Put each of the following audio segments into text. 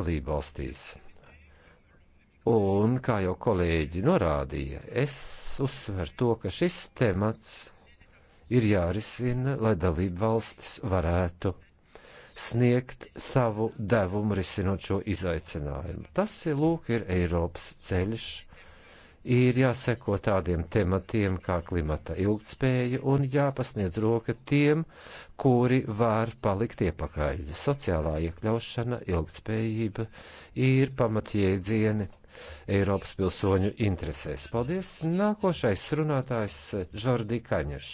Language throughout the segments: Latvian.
dalību valstīs. Un, kā jau kolēģi norādīja, es uzsveru to, ka šis temats ir jārisina, lai dalību valstis varētu sniegt savu devumu risinot šo izaicinājumu. Tas ir lūk, ir Eiropas ceļš ir jāseko tādiem tematiem kā klimata ilgtspēja un jāpasniedz roka tiem, kuri var palikt iepakaļ. Sociālā iekļaušana, ilgtspējība ir pamatjēdzieni Eiropas pilsoņu interesēs. Paldies! Nākošais runātājs Žordi Kaņešs.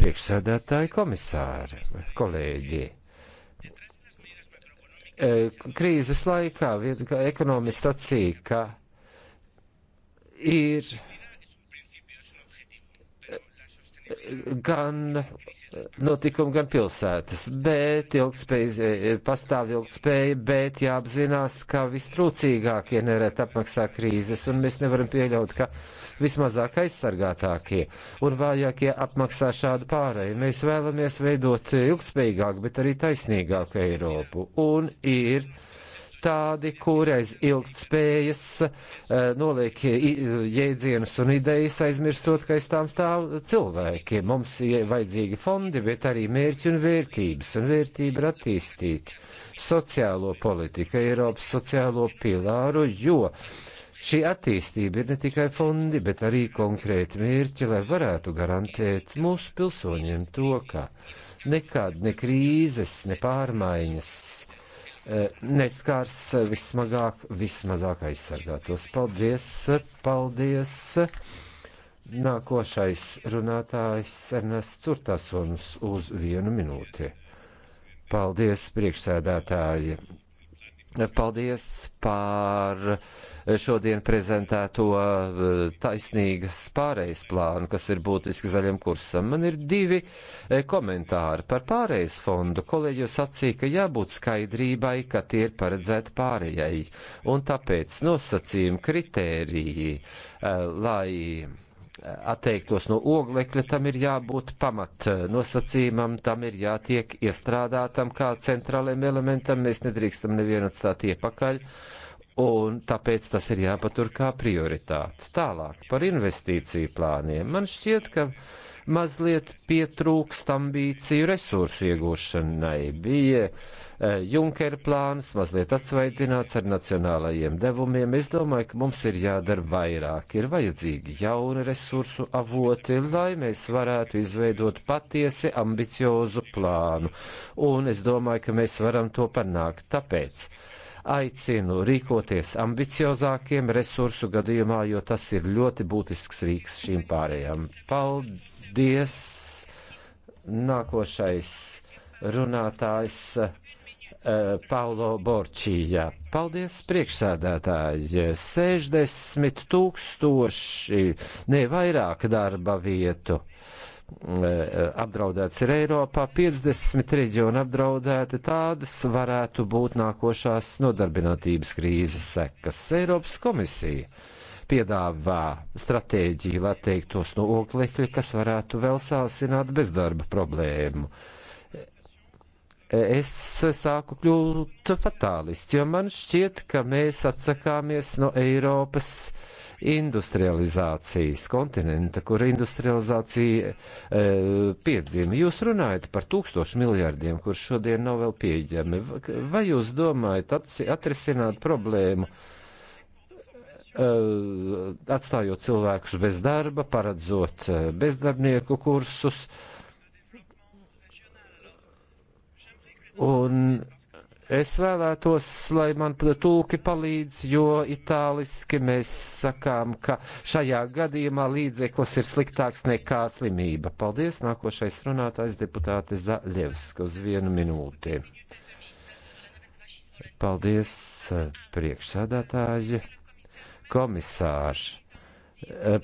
Priekšsēdētāji komisāri, kolēģi krīzes laikā ekonomists sacīja, ka ir gan notikumi, gan pilsētas, bet ilgspēja, pastāv ilgspēja, bet jāapzinās, ka vistrūcīgākie nerēt apmaksā krīzes, un mēs nevaram pieļaut, ka vismazāk aizsargātākie un vājākie apmaksā šādu pārēju. Mēs vēlamies veidot ilgspējīgāku, bet arī taisnīgāku Eiropu, un ir tādi, kureiz ilgtspējas eh, noliek jēdzienus un idejas, aizmirstot, ka aiz tām stāv cilvēki. Mums ir vajadzīgi fondi, bet arī mērķi un vērtības, un vērtība ir attīstīt sociālo politiku, Eiropas sociālo pilāru, jo šī attīstība ir ne tikai fondi, bet arī konkrēti mērķi, lai varētu garantēt mūsu pilsoņiem to, ka nekad ne krīzes, ne pārmaiņas Eh, neskārs eh, vismagāk, vismazāk aizsargātos. Paldies, eh, paldies! Nākošais runātājs Ernests Curtasons uz vienu minūti. Paldies, priekšsēdētāji! Paldies par šodien prezentēto eh, taisnīgas pārejas plānu, kas ir būtiski zaļam kursam. Man ir divi eh, komentāri par pārejas fondu. Kolēģi jau sacīja, ka jābūt skaidrībai, ka tie ir paredzēti pārējai. Un tāpēc nosacījumi kritēriji, eh, lai atteiktos no oglekļa, tam ir jābūt pamat eh, nosacījumam, tam ir jātiek iestrādātam kā centrālajam elementam, mēs nedrīkstam nevienu atstāt iepakaļ, un tāpēc tas ir jāpatur kā prioritāts. Tālāk par investīciju plāniem. Man šķiet, ka mazliet pietrūkst ambīciju resursu iegūšanai. Bija e, Junker plāns, mazliet atsvaidzināts ar nacionālajiem devumiem. Es domāju, ka mums ir jādara vairāk. Ir vajadzīgi jauni resursu avoti, lai mēs varētu izveidot patiesi ambiciozu plānu. Un es domāju, ka mēs varam to panākt. Tāpēc aicinu rīkoties ambiciozākiem resursu gadījumā, jo tas ir ļoti būtisks rīks šīm pārējām. Paldies! Paldies! Nākošais runātājs eh, Paulo Borčījā. Paldies, priekšsēdētāji! 60 tūkstoši, ne vairāk darba vietu eh, apdraudēts ir Eiropā, 50 reģioni apdraudēti, tādas varētu būt nākošās nodarbinātības krīzes sekas. Eiropas komisija piedāvā stratēģiju, lai teiktos no oglekļa, kas varētu vēl sāsināt bezdarba problēmu. Es sāku kļūt fatālists, jo man šķiet, ka mēs atsakāmies no Eiropas industrializācijas kontinenta, kur industrializācija e, piedzima. Jūs runājat par tūkstošu miljārdiem, kur šodien nav vēl pieejami. Vai jūs domājat atrisināt problēmu? Eh, atstājot cilvēkus bez darba, paredzot eh, bezdarbnieku kursus. Un es vēlētos, lai man tulki palīdz, jo itāliski mēs sakām, ka šajā gadījumā līdzeklis ir sliktāks nekā slimība. Paldies, nākošais runātājs deputāte Zaļevska uz vienu minūti. Paldies, eh, priekšsēdētāji komisārs.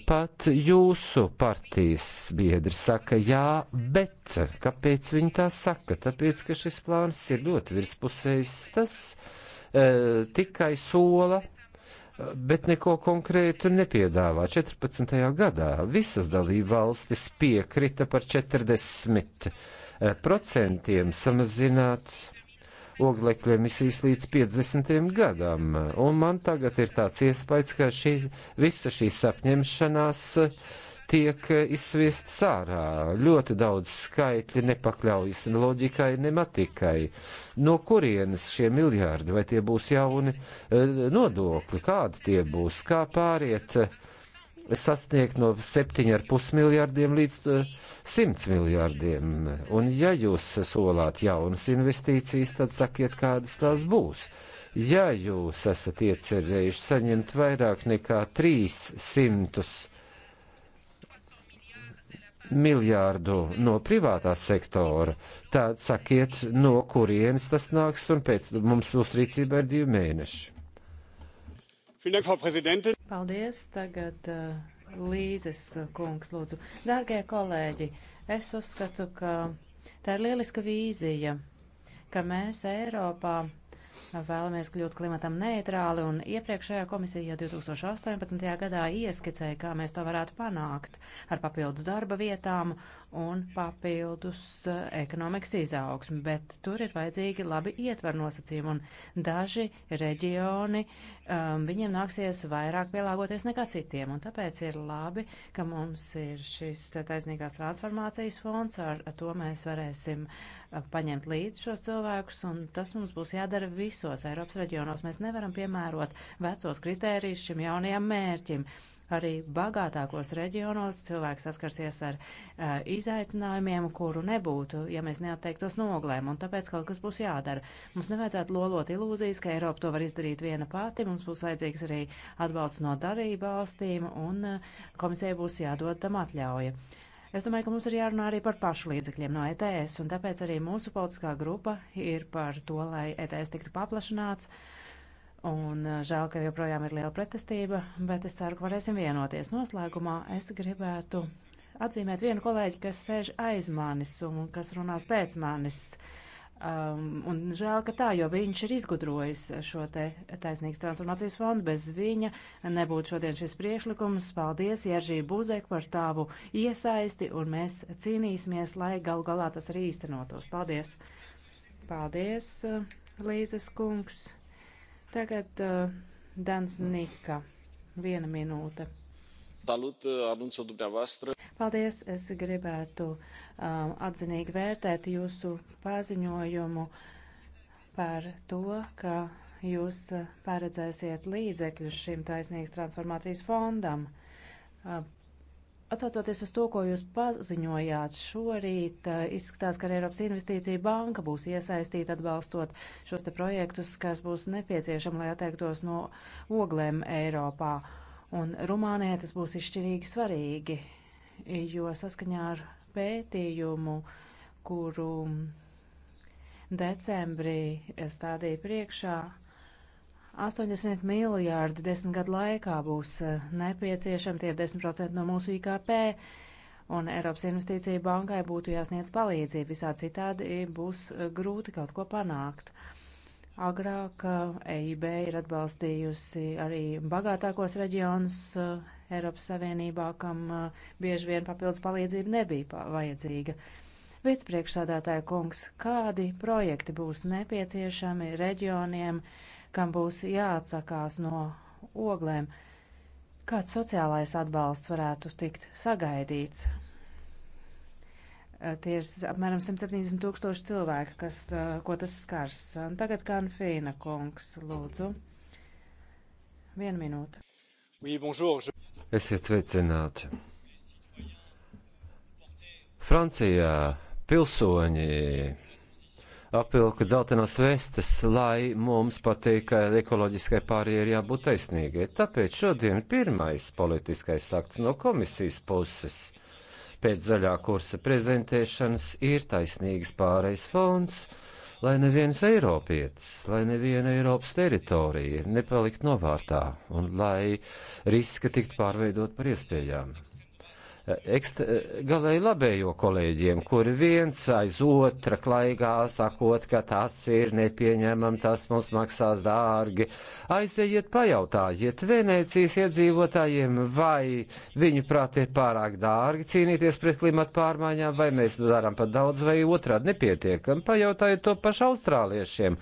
Pat jūsu partijas biedri saka jā, bet kāpēc viņi tā saka? Tāpēc, ka šis plāns ir ļoti virspusējs, tas e, tikai sola, bet neko konkrētu nepiedāvā. 14. gadā visas dalībvalstis piekrita par 40% e, samazināt oglekļa emisijas līdz 50. gadam. Un man tagad ir tāds iespējas, ka šī, visa šīs apņemšanās tiek izsviest sārā. Ļoti daudz skaitļi nepakļaujas ne loģikai, ne matikai. No kurienes šie miljārdi, vai tie būs jauni eh, nodokļi, kādi tie būs, kā pāriet? sasniegt no 7,5 miljārdiem līdz 100 eh, miljārdiem. Un ja jūs solāt jaunas investīcijas, tad sakiet, kādas tās būs. Ja jūs esat iecerējuši saņemt vairāk nekā 300 miljārdu no privātā sektora, tad sakiet, no kurienes tas nāks, un pēc mums uzrīcībā ir divi mēneši. Paldies. Tagad uh, Līzes kungs, lūdzu. Dārgie kolēģi, es uzskatu, ka tā ir lieliska vīzija, ka mēs Eiropā vēlamies kļūt klimatam neitrāli, un iepriekšējā komisija 2018. gadā ieskicēja, kā mēs to varētu panākt ar papildus darba vietām un papildus eh, ekonomikas izaugsmi, bet tur ir vajadzīgi labi ietver nosacījumi, un daži reģioni, um, viņiem nāksies vairāk pielāgoties nekā citiem, un tāpēc ir labi, ka mums ir šis taisnīgās transformācijas fonds, ar to mēs varēsim eh, paņemt līdz šos cilvēkus, un tas mums būs jādara visos Eiropas reģionos. Mēs nevaram piemērot vecos kritērijus šim jaunajam mērķim. Arī bagātākos reģionos cilvēks saskarsies ar uh, izaicinājumiem, kuru nebūtu, ja mēs neatteiktos noglēm, un tāpēc kaut kas būs jādara. Mums nevajadzētu lolot ilūzijas, ka Eiropa to var izdarīt viena pati, mums būs vajadzīgs arī atbalsts no darība valstīm, un uh, komisijai būs jādod tam atļauja. Es domāju, ka mums ir jārunā arī par pašu līdzekļiem no ETS, un tāpēc arī mūsu politiskā grupa ir par to, lai ETS tiktu paplašināts. Uh, Un eh, žēl, ka joprojām ir liela pretestība, bet es ceru, ka varēsim vienoties. Noslēgumā es gribētu atzīmēt vienu kolēģi, kas sēž aiz manis un kas runās pēc manis. Um, un žēl, ka tā, jo viņš ir izgudrojis šo te taisnīgas transformācijas fondu. Bez viņa nebūtu šodien šis priešlikums. Paldies, Jeržī Buzek, par tavu iesaisti, un mēs cīnīsimies, lai gal galā tas arī īstenotos. Paldies! Paldies, Līzes kungs! Tagad uh, Dans Nika. Viena minūte. Salut uh, anunțul dumneavoastră. Paldies, es gribētu um, uh, atzinīgi vērtēt jūsu paziņojumu par to, ka jūs uh, paredzēsiet līdzekļus šim taisnīgas transformācijas fondam. Uh, Atsaucoties uz to, ko jūs paziņojāt šorīt, eh, izskatās, ka arī Eiropas Investīcija banka būs iesaistīta atbalstot šos te projektus, kas būs nepieciešami, lai atteiktos no oglēm Eiropā. Un Rumānijai tas būs izšķirīgi svarīgi, jo saskaņā ar pētījumu, kuru decembrī stādīja priekšā, uh, 80 miljārdi desmit gadu laikā būs eh, nepieciešami, tie ir 10% no mūsu IKP, un Eiropas investīcija bankai būtu jāsniedz palīdzība, visā citādi būs eh, grūti kaut ko panākt. Agrāk EIB eh, e ir atbalstījusi arī bagātākos reģionus Eiropas Savienībā, kam bieži vien papildus palīdzība nebija vajadzīga. Vicepriekšsādātāja kungs, kādi projekti būs nepieciešami reģioniem? Uh, kam būs jāatsakās no oglēm. Kāds sociālais atbalsts varētu tikt sagaidīts? Eh, tie ir apmēram 170 tūkstoši cilvēku, kas, eh, ko tas skars. Tagad Kanfīna kungs, lūdzu. Viena minūte. Oui, bonjour, je... Esiet sveicināti. Francijā pilsoņi apvilka dzeltenos vestes, lai mums patīk, ka ekoloģiskai pārējai ir jābūt taisnīgai. Tāpēc šodien pirmais politiskais akts no komisijas puses pēc zaļā kursa prezentēšanas ir taisnīgas pārējais fonds, lai neviens Eiropietis, lai neviena Eiropas teritorija nepalikt novārtā un lai riska tikt pārveidot par iespējām galēji labējo kolēģiem, kuri viens aiz otra klaigā sakot, ka tas ir nepieņemam, tas mums maksās dārgi. Aizejiet pajautājiet Venēcijas iedzīvotājiem, vai viņu prāt ir pārāk dārgi cīnīties pret klimatu pārmaiņām, vai mēs darām pat daudz, vai otrādi nepietiekam. Pajautājiet to pašu austrāliešiem,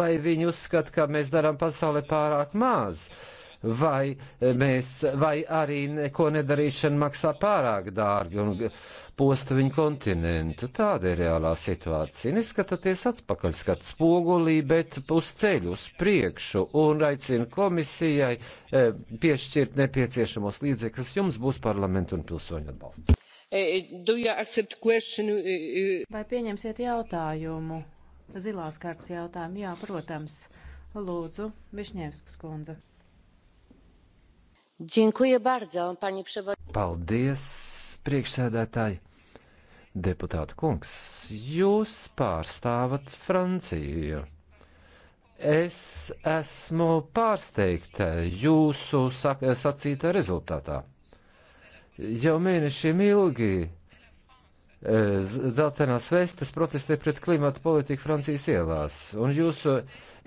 vai viņi uzskata, ka mēs darām pasauli pārāk maz. Uh, vai, mēs, vai arī neko nedarīšana maksā pārāk dārgi un posta viņu kontinentu. Tāda ir reālā situācija. Neskatāties atpakaļ, skat spogulī, bet uz ceļu, uz priekšu un aicinu komisijai e, piešķirt nepieciešamos līdzekļus. Jums būs parlamentu un pilsoņu atbalsts. Eh, eh, vai pieņemsiet jautājumu? Zilās kārtas jautājumu. Jā, protams. Lūdzu, Višņevskas kundze. Paldies, priekšsēdētāji! Deputāta kungs, jūs pārstāvat Franciju. Es esmu pārsteigta jūsu sacītā rezultātā. Jau mēnešiem ilgi e, dzeltenās vestes protestē pret klimatu politiku Francijas ielās, un jūsu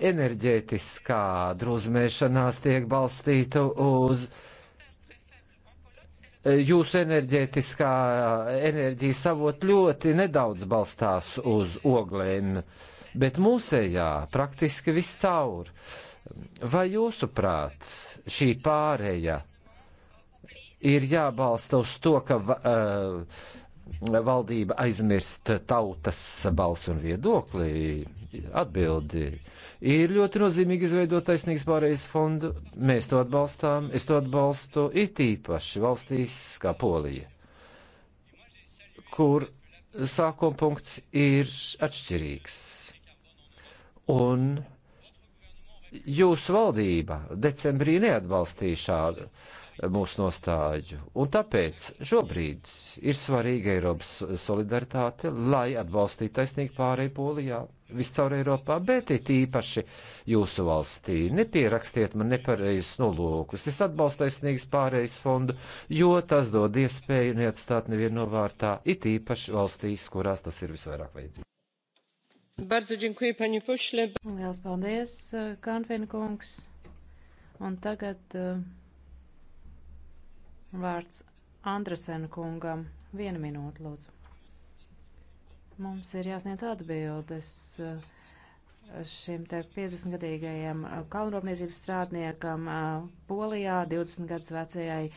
enerģētiskā druzmēšanās tiek balstīta uz jūsu enerģētiskā enerģijas avot ļoti nedaudz balstās uz oglēm, bet mūsējā praktiski viss caur. Vai jūsuprāt šī pārēja ir jābalsta uz to, ka uh, valdība aizmirst tautas balsu un viedokli? Atbildi. Ir ļoti nozīmīgi izveidot taisnīgas pārējais fondu. Mēs to atbalstām, es to atbalstu it īpaši valstīs kā Polija, kur sākuma punkts ir atšķirīgs. Un jūsu valdība decembrī neatbalstīja šādu mūsu nostāju. Un tāpēc šobrīd ir svarīga Eiropas solidaritāte, lai atbalstītu taisnīgi pārēju polijā, viscaur Eiropā, bet it īpaši jūsu valstī. Nepierakstiet man nepareizes nolūkus. Es atbalstu taisnīgas pārējas fondu, jo tas dod iespēju neatstāt nevienu novārtā, it īpaši valstīs, kurās tas ir visvairāk vajadzīgs. Bardzo dziękuję, panie pośle. Lielas paldies, Kanfenkungs. Un tagad uh, Vārds Andresena kungam. Viena minūte, lūdzu. Mums ir jāsniedz atbildes eh, šim te 50-gadīgajam eh, kalnrūpniecības strādniekam eh, Polijā, 20 gadus vecajai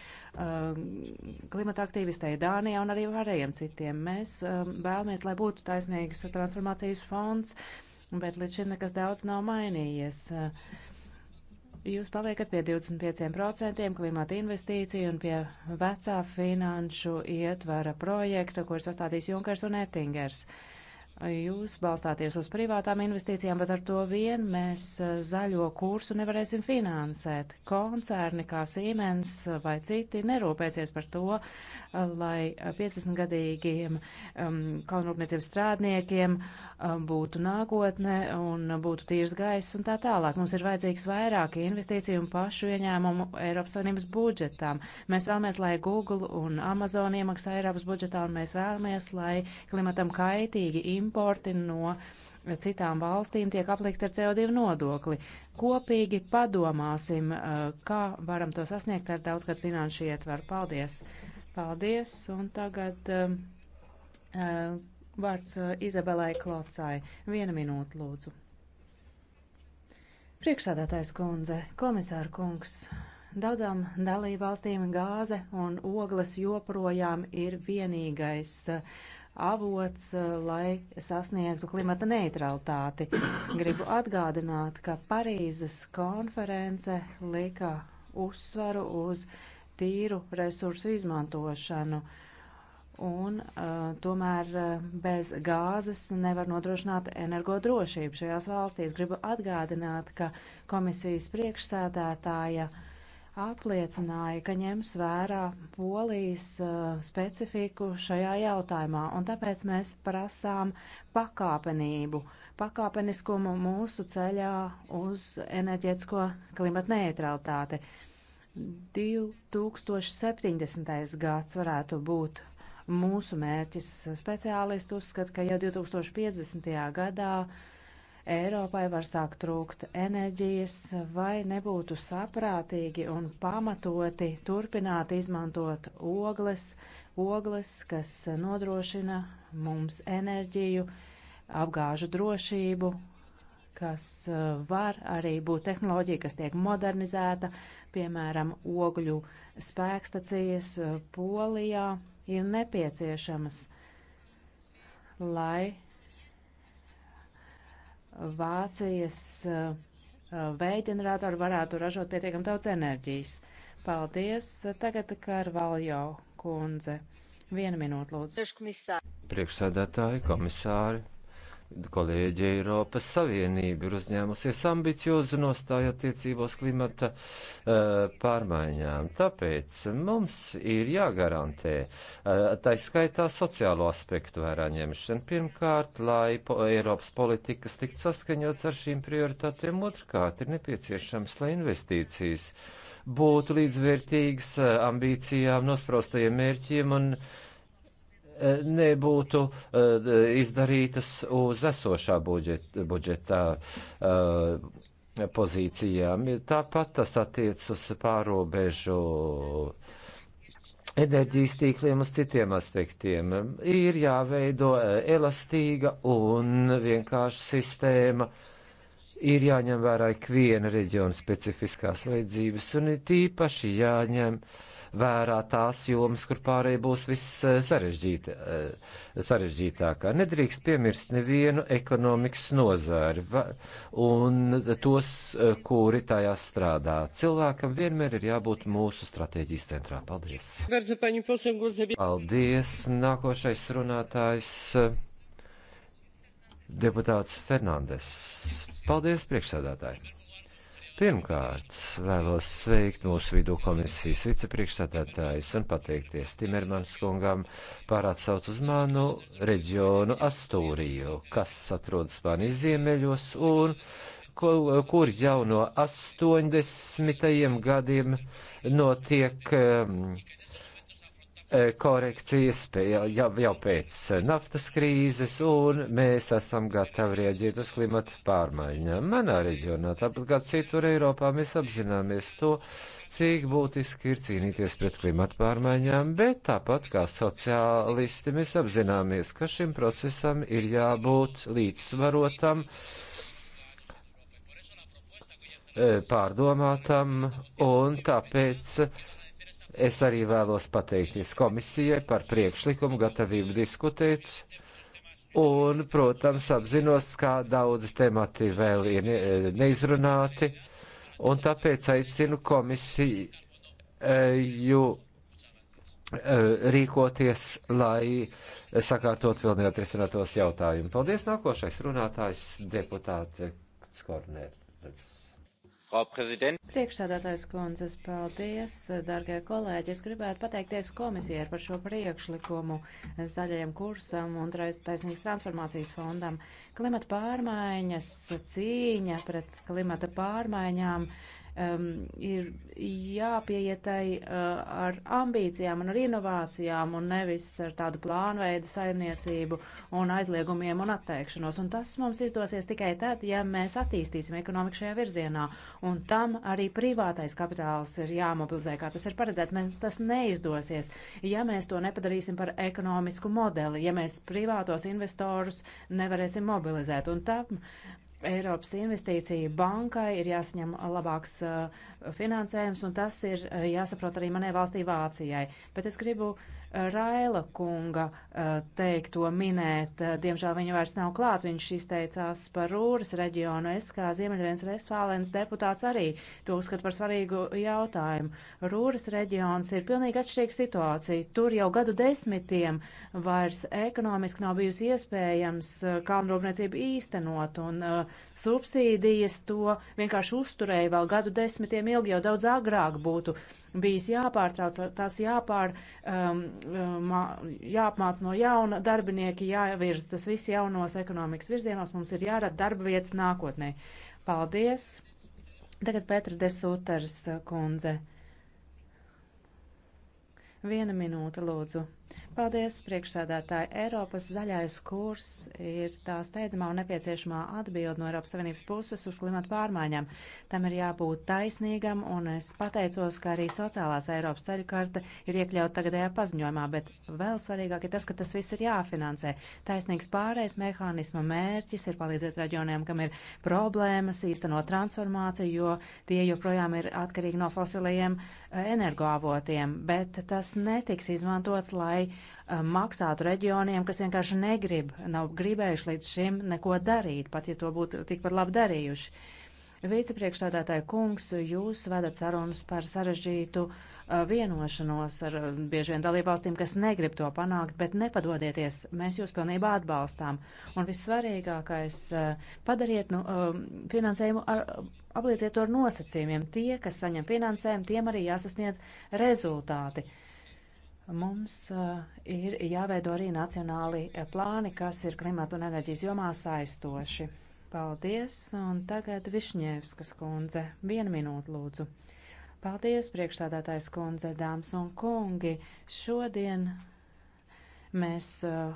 klimata aktīvistei Dānijā un arī pārējiem citiem. Mēs vēlamies, lai būtu taisnīgas transformācijas fonds, bet līdz šim nekas daudz nav mainījies. Uh, Jūs paliekat pie 25% klimata investīciju un pie vecā finanšu ietvara projekta, ko ir sastādījis Junkers un Ettingers. Jūs balstāties uz privātām investīcijām, bet ar to vien mēs eh, zaļo kursu nevarēsim finansēt. Koncerni kā Siemens vai citi nerūpēsies par to, lai 50-gadīgiem um, kalnrūpniecības strādniekiem um, būtu nākotne un būtu tīrs gaiss un tā tālāk. Mums ir vajadzīgs vairāk investīciju un pašu ieņēmumu Eiropas Savienības budžetām. Mēs vēlamies, lai Google un Amazon iemaksā Eiropas budžetā un mēs vēlamies, lai klimatam kaitīgi importi no citām valstīm tiek aplikti ar CO2 nodokli. Kopīgi padomāsim, kā varam to sasniegt ar daudzgad finanšu ietvaru. Paldies! Paldies, un tagad um, uh, vārds uh, Izabelai Klocai. Viena minūte, lūdzu. Priekšsādātājs kundze, komisāra kungs, daudzām dalību valstīm gāze un ogles joprojām ir vienīgais uh, avots, uh, lai sasniegtu klimata neutralitāti. Gribu atgādināt, ka Parīzes konference lika uzsvaru uz tīru resursu izmantošanu. Un uh, tomēr uh, bez gāzes nevar nodrošināt energodrošību šajās valstīs. Gribu atgādināt, ka komisijas priekšsēdētāja apliecināja, ka ņems vērā polijas uh, specifiku šajā jautājumā, un tāpēc mēs prasām pakāpenību uh, pakāpeniskumu mūsu ceļā uz enerģētisko klimata neutralitāti. 2070. gads varētu būt mūsu mērķis. Speciālisti uzskata, ka jau 2050. gadā Eiropai var sākt trūkt enerģijas, vai nebūtu saprātīgi un pamatoti turpināt izmantot ogles, ogles, kas nodrošina mums enerģiju, apgāžu drošību kas eh, var arī būt tehnoloģija, kas tiek modernizēta, piemēram, ogļu spēkstacijas eh, Polijā ir nepieciešamas, lai Vācijas eh, vējģenerātori varētu ražot pietiekam daudz enerģijas. Paldies. Tagad Karvaljo kundze. Vienu minūtu lūdzu. Priekšsēdētāji, komisāri, Kolēģi Eiropas Savienība ir uzņēmusies ambiciozu nostāju attiecībos klimata uh, pārmaiņām. Tāpēc mums ir jāgarantē uh, eh, taiskaitā sociālo aspektu vērā ņemšana. Pirmkārt, lai po Eiropas politikas tiktu saskaņots ar šīm prioritātēm, otrkārt ir nepieciešams, lai investīcijas būtu līdzvērtīgas eh, ambīcijām, nospraustajiem mērķiem un uh, E, nebūtu e, izdarītas uz esošā budžeta, budžetā e, pozīcijām. Tāpat tas attiec uz pārobežu enerģijas tīkliem, uz citiem aspektiem. Ir jāveido elastīga un vienkārša sistēma ir jāņem vērā ikviena reģiona specifiskās vajadzības, un ir tīpaši jāņem vērā vērā tās jomas, kur pārējie būs viss eh, sarežģītā, eh, sarežģītākā. Nedrīkst piemirst nevienu ekonomikas nozari un tos, eh, kuri tajās strādā. Cilvēkam vienmēr ir jābūt mūsu stratēģijas centrā. Paldies! Paldies! Nākošais runātājs deputāts Fernandes. Paldies, priekšsēdētāji! Pirmkārt, vēlos sveikt mūsu vidū komisijas vicepriekšsādātājus un pateikties Timermans kungam par atsaucu uz manu reģionu Astūriju, kas atrodas Spānijas ziemeļos un kur, kur jau no 80. gadiem notiek um, E, korekcijas jau, jau pēc naftas krīzes, un mēs esam gatavi rieģēt uz klimata pārmaiņām. Manā reģionā, tāpat kā citur Eiropā, mēs apzināmies to, cik būtiski ir cīnīties pret klimata pārmaiņām, bet tāpat kā sociālisti mēs apzināmies, ka šim procesam ir jābūt līdzsvarotam e, pārdomātam, un tāpēc Es arī vēlos pateikties komisijai par priekšlikumu, gatavību diskutēt. Un, protams, apzinos, kā daudzi temati vēl ir neizrunāti, un tāpēc aicinu komisiju eh, rīkoties, lai sakārtot vēl neatrisinātos jautājumus. Paldies, nākošais runātājs deputāte Skornērs. Priekšsādātājs kundzes, paldies, dargie kolēģi. Es gribētu pateikties komisijai par šo priekšlikumu zaļajam kursam un taisnīgas transformācijas fondam. Klimata pārmaiņas, cīņa pret klimata pārmaiņām um, ir jāpieietai uh, ar ambīcijām un ar inovācijām un nevis ar tādu plānveidu saimniecību un aizliegumiem un atteikšanos. Un tas mums izdosies tikai tad, ja mēs attīstīsim ekonomiku šajā virzienā. Un tam arī privātais kapitāls ir jāmobilizē, kā tas ir paredzēts. Mēs tas neizdosies, ja mēs to nepadarīsim par ekonomisku modeli, ja mēs privātos investorus nevarēsim mobilizēt. Un tam Eiropas investīcija bankai ir jāsaņem labāks uh, finansējums, un tas ir uh, jāsaprot arī manai valstī Vācijai. Bet es gribu Raila kunga eh, teikto minēt. Eh, diemžēl viņa vairs nav klāt, viņš izteicās par Rūras reģionu. Es kā Ziemeļviens Vesfālēns deputāts arī to uzskatu par svarīgu jautājumu. Rūras reģions ir pilnīgi atšķirīga situācija. Tur jau gadu desmitiem vairs ekonomiski nav bijusi iespējams eh, kalnrūpniecību īstenot, un subsīdijas to vienkārši uzturēja vēl gadu desmitiem ilgi, jau daudz agrāk būtu bijis jāpārtrauc, tās jāpār, um, um jāapmāc no jauna, darbinieki jāvirz tas viss jaunos ekonomikas virzienos, mums ir jārada darba vietas nākotnē. Paldies! Tagad Petra Desūters uh, kundze. Viena minūte, lūdzu. Paldies, priekšsēdētāji. Eiropas zaļais kurs ir tā steidzamā un nepieciešamā atbilde no Eiropas Savienības puses uz klimatu pārmaiņām. Tam ir jābūt taisnīgam, un es pateicos, ka arī sociālās Eiropas ceļu karta ir iekļauta tagadējā paziņojumā, bet vēl svarīgāk ir tas, ka tas viss ir jāfinansē. Taisnīgs pārējais mehānisma mērķis ir palīdzēt reģioniem, kam ir problēmas īstenot transformāciju, jo tie joprojām ir atkarīgi no fosilajiem energoavotiem, bet tas netiks izmantots, lai lai eh, maksātu reģioniem, kas vienkārši negrib, nav gribējuši līdz šim neko darīt, pat ja to būtu tikpat labi darījuši. Vicepriekšstādātāja kungs, jūs vedat sarunas par sarežģītu eh, vienošanos ar eh, bieži vien dalībvalstīm, kas negrib to panākt, bet nepadodieties, mēs jūs pilnībā atbalstām. Un vissvarīgākais - padariet nu, finansējumu, ar, aplieciet to ar nosacījumiem. Tie, kas saņem finansējumu, tiem arī jāsasniedz rezultāti. Mums eh, ir jāveido arī nacionāli eh, plāni, kas ir klimata un enerģijas jomā saistoši. Paldies, un tagad Višņēvskas kundze. Vienu minūtu lūdzu. Paldies, priekšstādātājs kundze, dāmas un kungi. Šodien mēs uh,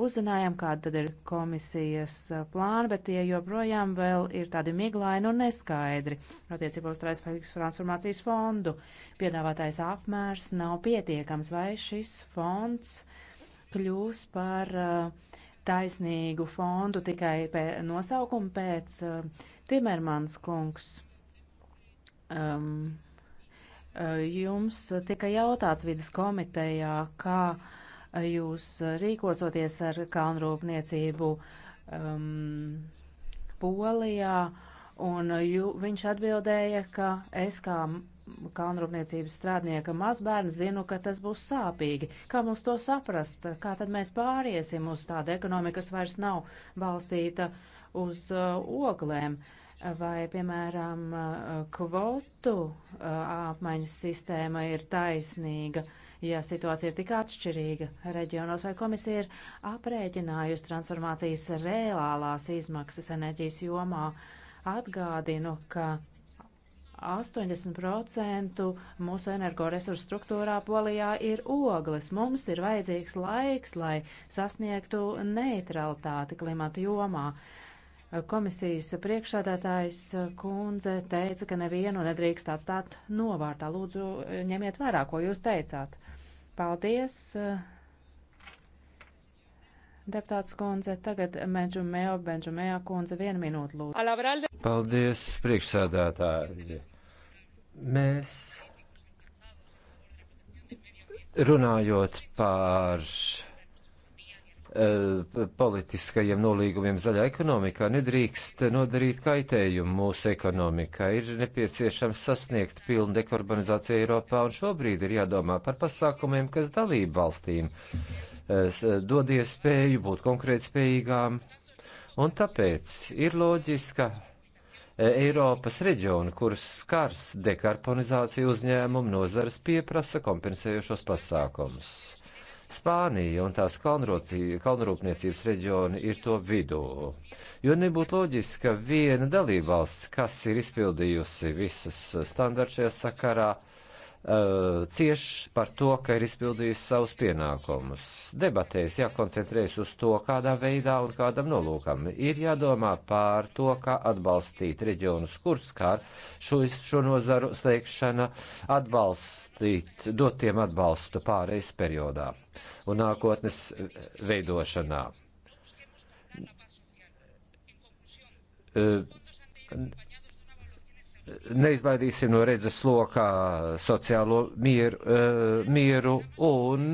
uzzinājām, kāda tad ir komisijas uh, plāna, bet tie joprojām vēl ir tādi miglaini un neskaidri. Attiecībā uz Traisfēks transformācijas fondu piedāvātais apmērs nav pietiekams, vai šis fonds kļūs par uh, taisnīgu fondu tikai pē, nosaukumu pēc uh, Timermans kungs. Um, jums tika jautāts vidas komitejā, kā. Ka jūs eh, rīkosoties ar kalnrūpniecību um, Polijā, un jū, viņš atbildēja, ka es kā kalnrūpniecības strādnieka mazbērns zinu, ka tas būs sāpīgi. Kā mums to saprast? Kā tad mēs pāriesim uz tādu ekonomiku, kas vairs nav balstīta uz uh, oglēm? Vai, piemēram, eh, kvotu uh, apmaiņas sistēma ir taisnīga? Uh, ja situācija ir tik atšķirīga reģionos, vai komisija ir aprēķinājusi transformācijas reālās izmaksas enerģijas jomā. Atgādinu, ka 80% mūsu energoresursu struktūrā polijā ir ogles. Mums ir vajadzīgs laiks, lai sasniegtu neutralitāti klimata jomā. Komisijas priekšsādātājs kundze teica, ka nevienu nedrīkst atstāt novārtā. Lūdzu, ņemiet vērā, ko jūs teicāt. Paldies, eh, deputāts kundze. Tagad Medžumeo, Benžumeo kundze, vienu minūtu lūdzu. Paldies, priekšsēdētāji. Mēs runājot par Eh, politiskajiem nolīgumiem zaļā ekonomikā nedrīkst nodarīt kaitējumu mūsu ekonomikā. Ir nepieciešams sasniegt pilnu dekarbonizāciju Eiropā, un šobrīd ir jādomā par pasākumiem, kas dalību valstīm eh, dod iespēju būt konkurētspējīgām. Un tāpēc ir loģiska eh, Eiropas reģioni, kuras skars dekarbonizācija uzņēmumu nozares pieprasa kompensējušos pasākumus. Spānija un tās kalnrūpniecības reģioni ir to vidū. Jo nebūtu loģiski, ka viena dalībvalsts, kas ir izpildījusi visus standartus šajā sakarā, uh, cieš par to, ka ir izpildījusi savus pienākumus. Debatēs jākoncentrējas uz to, kādā veidā un kādam nolūkam. Ir jādomā par to, kā atbalstīt reģionus, kurus kār šo, šo nozaru slēgšana atbalstīt, dot tiem atbalstu pārejas periodā un nākotnes veidošanā. Neizlaidīsim no redzes lokā sociālo mieru, eh, mieru un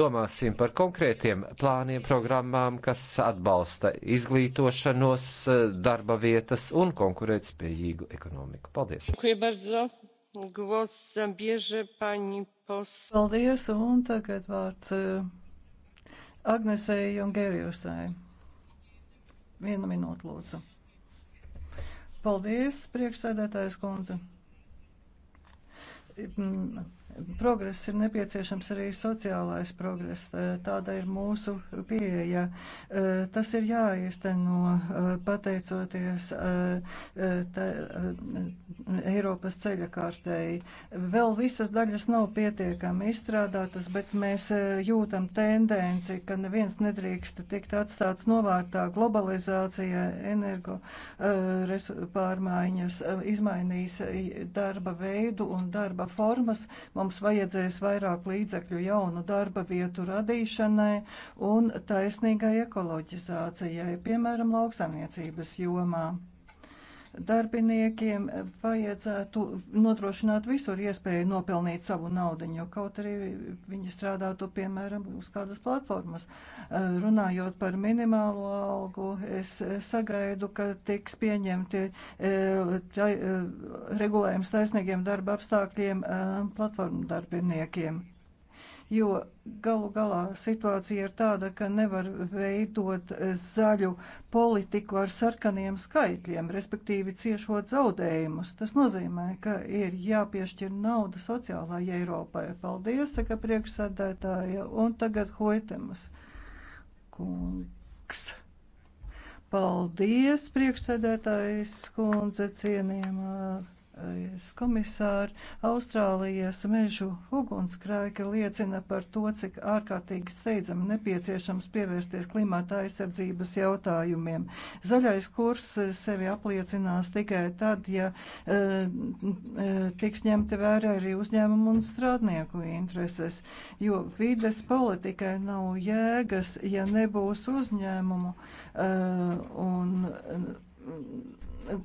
domāsim par konkrētiem plāniem, programmām, kas atbalsta izglītošanos, eh, darba vietas un konkurētspējīgu ekonomiku. Paldies! Paldies, un tagad vārds eh, Agnesei Jungērijusai. Viena minūte, lūdzu. Paldies, priekšsēdētājs kundze. Mm, Progress ir nepieciešams arī sociālais progress. Tāda ir mūsu pieeja. Tas ir jāizteno pateicoties tā, Eiropas ceļa kārtēji. Vēl visas daļas nav pietiekami izstrādātas, bet mēs jūtam tendenci, ka neviens nedrīkst tikt atstāts novārtā globalizācija, energo pārmaiņas izmainīs darba veidu un darba formas. Mums mums vajadzēs vairāk līdzekļu jaunu darba vietu radīšanai un taisnīgai ekoloģizācijai, piemēram, lauksaimniecības jomā. Darbiniekiem vajadzētu nodrošināt visur iespēju nopelnīt savu naudiņu, kaut arī viņi strādātu, piemēram, uz kādas platformas. Eh, runājot par minimālo algu, es sagaidu, ka tiks pieņemti eh, eh, regulējums taisnīgiem darba apstākļiem platformu darbiniekiem jo galu galā situācija ir tāda, ka nevar veidot zaļu politiku ar sarkaniem skaitļiem, respektīvi ciešot zaudējumus. Tas nozīmē, ka ir jāpiešķir nauda sociālajai Eiropai. Paldies, saka priekšsēdētāja, un tagad Hoitemas kungs. Paldies, priekšsēdētājs kundze, cienījamā komisāri, Austrālijas mežu ugunskrēki liecina par to, cik ārkārtīgi steidzami nepieciešams pievērsties klimata aizsardzības jautājumiem. Zaļais kurs sevi apliecinās tikai tad, ja e, tiks ņemti vērā arī uzņēmumu un strādnieku intereses, jo vides politikai nav jēgas, ja nebūs uzņēmumu. E, un,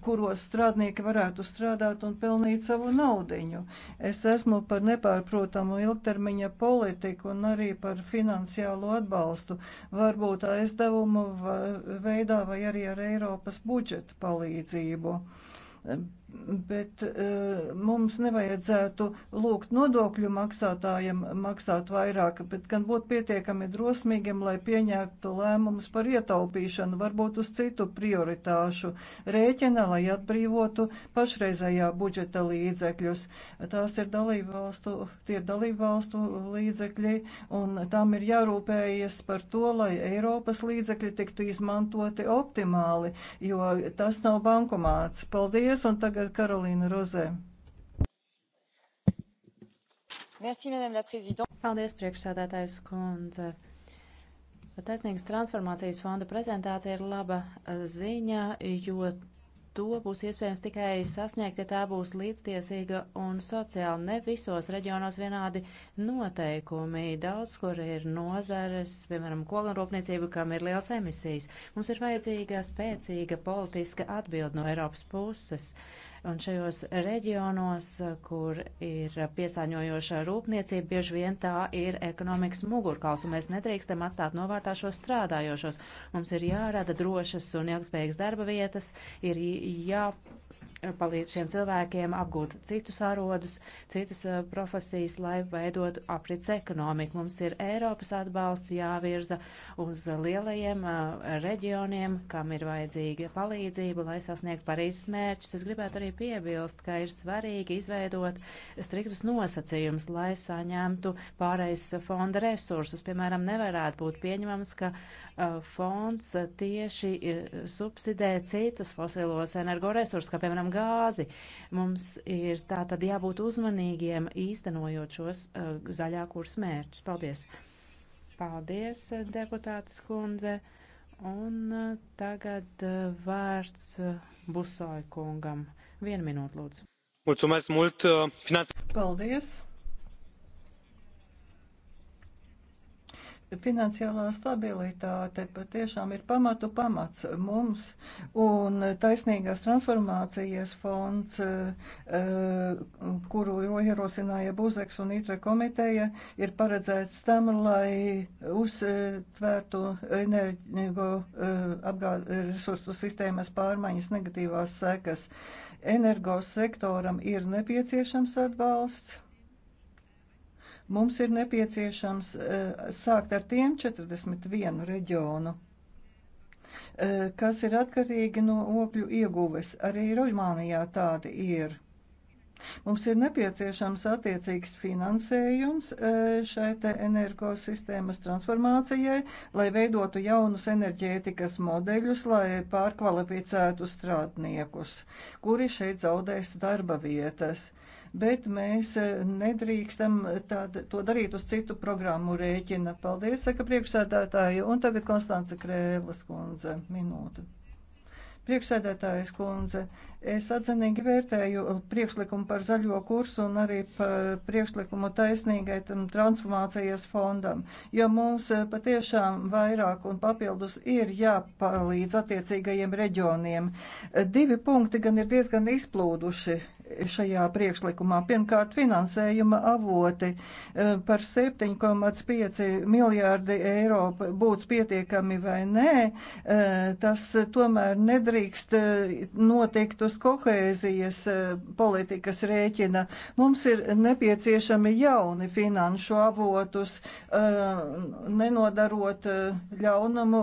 kuros strādnieki varētu strādāt un pelnīt savu naudiņu. Es esmu par nepārprotamu ilgtermiņa politiku un arī par finansiālo atbalstu, varbūt aizdevumu veidā vai arī ar Eiropas budžeta palīdzību bet e, mums nevajadzētu lūgt nodokļu maksātājiem maksāt vairāk, bet gan būt pietiekami drosmīgiem, lai pieņemtu lēmumus par ietaupīšanu, varbūt uz citu prioritāšu rēķina, lai atbrīvotu pašreizējā budžeta līdzekļus. Tās ir dalībvalstu, tie ir dalībvalstu līdzekļi, un tām ir jārūpējies par to, lai Eiropas līdzekļi tiktu izmantoti optimāli, jo tas nav bankomāts. Paldies, un tagad Karolīna Rozē. Paldies, priekšsādātājs kundze. Taisnīgas transformācijas fonda prezentācija ir laba eh, ziņa, jo to būs iespējams tikai sasniegt, ja tā būs līdztiesīga un sociāla. Ne visos reģionos vienādi noteikumi. Daudz, kur ir nozares, piemēram, kolinrūpniecība, kam ir liels emisijas. Mums ir vajadzīga spēcīga politiska atbild no Eiropas puses. Uh, Un šajos reģionos, kur ir piesāņojoša rūpniecība, bieži vien tā ir ekonomikas mugurkauls, un mēs nedrīkstam atstāt novārtā šos strādājošos. Mums ir jārada drošas un ilgspējīgas darba vietas, ir jā palīdz šiem cilvēkiem apgūt citus ārodus, citas eh, profesijas, lai veidotu aprits ekonomiku. Mums ir Eiropas atbalsts jāvirza uz lielajiem eh, reģioniem, kam ir vajadzīga palīdzība, lai sasniegtu Parīzes mērķus. Es gribētu arī piebilst, ka ir svarīgi izveidot striktus nosacījumus, lai saņemtu pārējais fonda resursus. Piemēram, nevarētu būt pieņemams, ka eh, fonds tieši subsidē citus fosilos energoresursus, kā piemēram gāzi. Mums ir tā tad jābūt uzmanīgiem īstenojot šos uh, eh, zaļā kursa mērķus. Paldies! Paldies, eh, deputātas kundze! Un uh, tagad uh, vārds uh, Busoja kungam. Vienu minūtu, lūdzu. Mulțumesc mult! Uh, Paldies! finansiālā stabilitāte patiešām ir pamatu pamats mums, un taisnīgās transformācijas fonds, eh, kuru ierosināja Buzeks un Itra komiteja, ir paredzēts tam, lai uztvērtu enerģigo eh, resursu sistēmas pārmaiņas negatīvās sekas. Energosektoram ir nepieciešams atbalsts Mums ir nepieciešams eh, sākt ar tiem 41 reģionu eh, kas ir atkarīgi no okļu ieguves. Arī Rumānijā tādi ir. Mums ir nepieciešams attiecīgs finansējums eh, šai te energosistēmas transformācijai, lai veidotu jaunus enerģētikas modeļus, lai pārkvalificētu strādniekus, kuri šeit zaudēs darba vietas bet mēs e, nedrīkstam tād, to darīt uz citu programmu rēķina. Paldies, saka priekšsēdētāji. Un tagad Konstance Krēlas kundze. Minūte. Priekšsēdētājas kundze, es atzinīgi vērtēju priekšlikumu par zaļo kursu un arī par priekšlikumu taisnīgai transformācijas fondam, jo mums e, patiešām vairāk un papildus ir jāpalīdz attiecīgajiem reģioniem. E, divi punkti gan ir diezgan izplūduši šajā priekšlikumā. Pirmkārt, finansējuma avoti e, par 7,5 miljārdi eiro būtu pietiekami vai nē, e, tas tomēr nedrīkst e, notikt uz kohēzijas politikas rēķina. Mums ir nepieciešami jauni finanšu avotus, nenodarot ļaunumu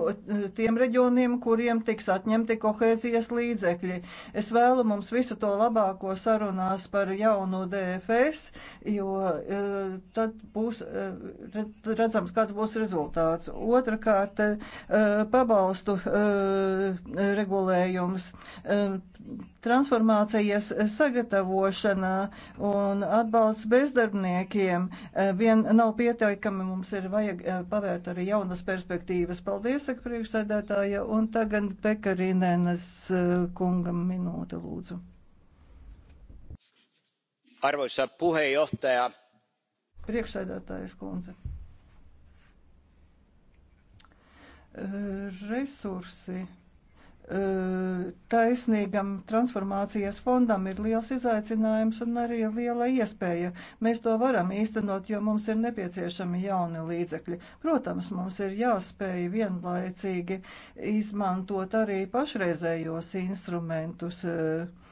tiem reģioniem, kuriem tiks atņemti kohēzijas līdzekļi. Es vēlu mums visu to labāko sadarbotību sarunās par jaunu DFS, jo e, tad būs e, redzams, kāds būs rezultāts. Otrakārt, e, pabalstu regulējums transformācijas sagatavošanā un atbalsts bezdarbniekiem vien nav pietiekami. Mums ir vajag pavērt arī jaunas perspektīvas. Paldies, saka priekšsēdētāja, un tagad Pekarinenes kungam minūte lūdzu. Arvoisa puheenjohtaja. Priekšsēdētājas kundze. Resursi eh, taisnīgam transformācijas fondam ir liels izaicinājums un arī liela iespēja. Mēs to varam īstenot, jo mums ir nepieciešami jauni līdzekļi. Protams, mums ir jāspēj vienlaicīgi izmantot arī pašreizējos instrumentus. Uh,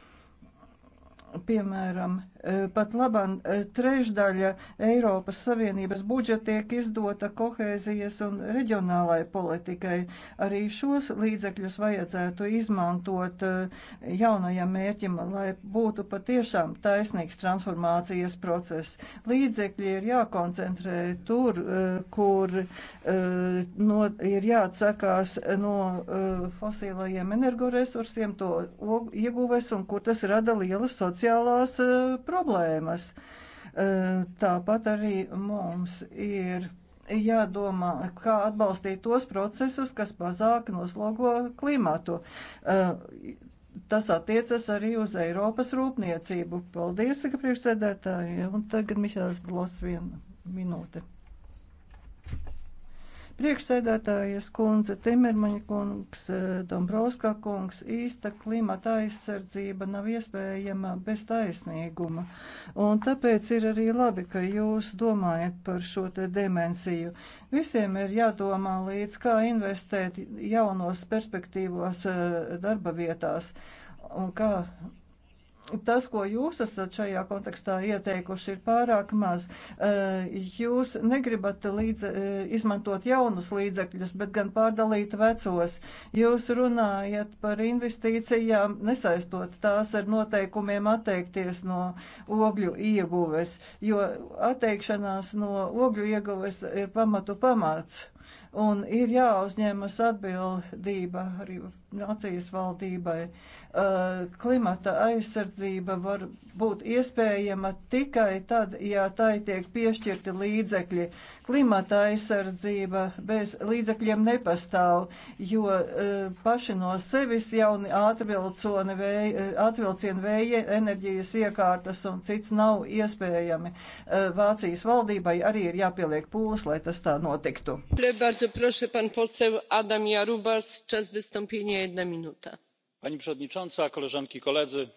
Piemēram, e, pat labam e, trešdaļa Eiropas Savienības budžeta tiek izdota kohēzijas un reģionālai politikai. Arī šos līdzekļus vajadzētu izmantot e, jaunajam mērķim, lai būtu patiešām taisnīgs transformācijas process. Līdzekļi ir jākoncentrē tur, kur no, ir jāatsakās no fosīlajiem energoresursiem, to ieguves un kur tas rada lielas sociālas sociālās eh, problēmas. Eh, tāpat arī mums ir jādomā, kā atbalstīt tos procesus, kas mazāk noslogo klimatu. Eh, tas attiecas arī uz Eiropas rūpniecību. Paldies, ka priekšsēdētāji, un tagad Mišēls Blos viena minūte. Priekšsēdētājas kundze, Timermaņa kungs, eh, Dombrovska kungs, īsta klimata aizsardzība nav iespējama bez taisnīguma. Un tāpēc ir arī labi, ka jūs domājat par šo te dimensiju. Visiem ir jādomā līdz, kā investēt jaunos perspektīvos eh, darba vietās un kā tas, ko jūs esat šajā kontekstā ieteikuši, ir pārāk maz. Eh, jūs negribat līdz, eh, izmantot jaunus līdzekļus, bet gan pārdalīt vecos. Jūs runājat par investīcijām, nesaistot tās ar noteikumiem atteikties no ogļu ieguves, jo atteikšanās no ogļu ieguves ir pamatu pamats. Un ir jāuzņemas atbildība arī Nācijas valdībai. Eh, klimata aizsardzība var būt iespējama tikai tad, ja tai tiek piešķirti līdzekļi. Klimata aizsardzība bez līdzekļiem nepastāv, jo eh, paši no sevis jauni eh, atvilcieni vēja, vēja enerģijas iekārtas un cits nav iespējami. Vācijas valdībai arī ir jāpieliek pūles, lai tas tā notiktu. Bardzo proszę, pan poseł Adam Jarubas, czas wystąpienia pani przewodnicząca koleżanki i koledzy!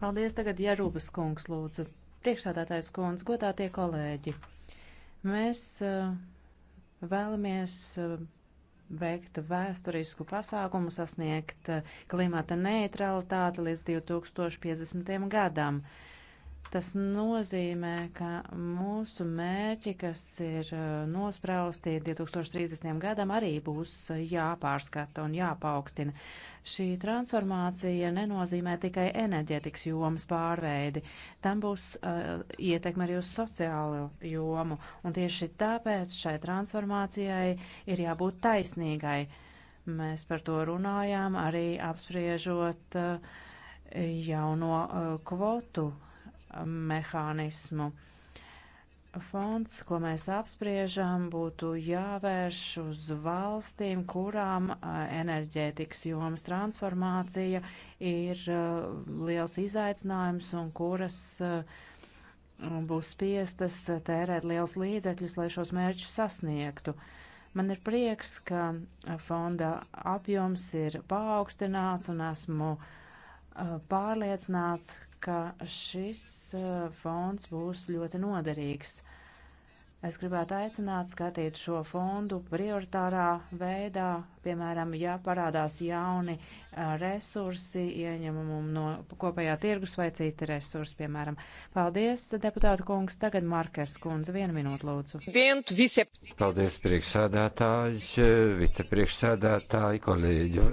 paldies tagad jerubas kungs lūdzu priekšsēdētājas kundze godātie kolēģi mēs eh, vēlamies eh, veikt vēsturisku pasākumu sasniegt eh, klimata neutralitāti līdz 2050. gadam. Tas nozīmē, ka mūsu mērķi, kas ir uh, nospraustie 2030. gadam, arī būs jāpārskata un jāpaukstina. Šī transformācija nenozīmē tikai enerģetikas jomas pārveidi, tam būs uh, ietekme arī uz sociālo jomu, un tieši tāpēc šai transformācijai ir jābūt taisnīgai. Mēs par to runājām arī apspriežot uh, jauno uh, kvotu mehānismu. Fonds, ko mēs apspriežam, būtu jāvērš uz valstīm, kurām enerģētikas jomas transformācija ir liels izaicinājums un kuras būs spiestas tērēt liels līdzekļus, lai šos mērķus sasniegtu. Man ir prieks, ka fonda apjoms ir paaugstināts un esmu uh, pārliecināts, ka šis fonds būs ļoti noderīgs. Es gribētu aicināt skatīt šo fondu prioritārā veidā, piemēram, ja parādās jauni resursi, ieņemumi no kopējā tirgus vai citi resursi, piemēram. Paldies, deputāta kungs. Tagad Markers kundze, vienu minūtu lūdzu. Paldies, priekšsēdētāji, vicepriekšsēdētāji, kolēģi.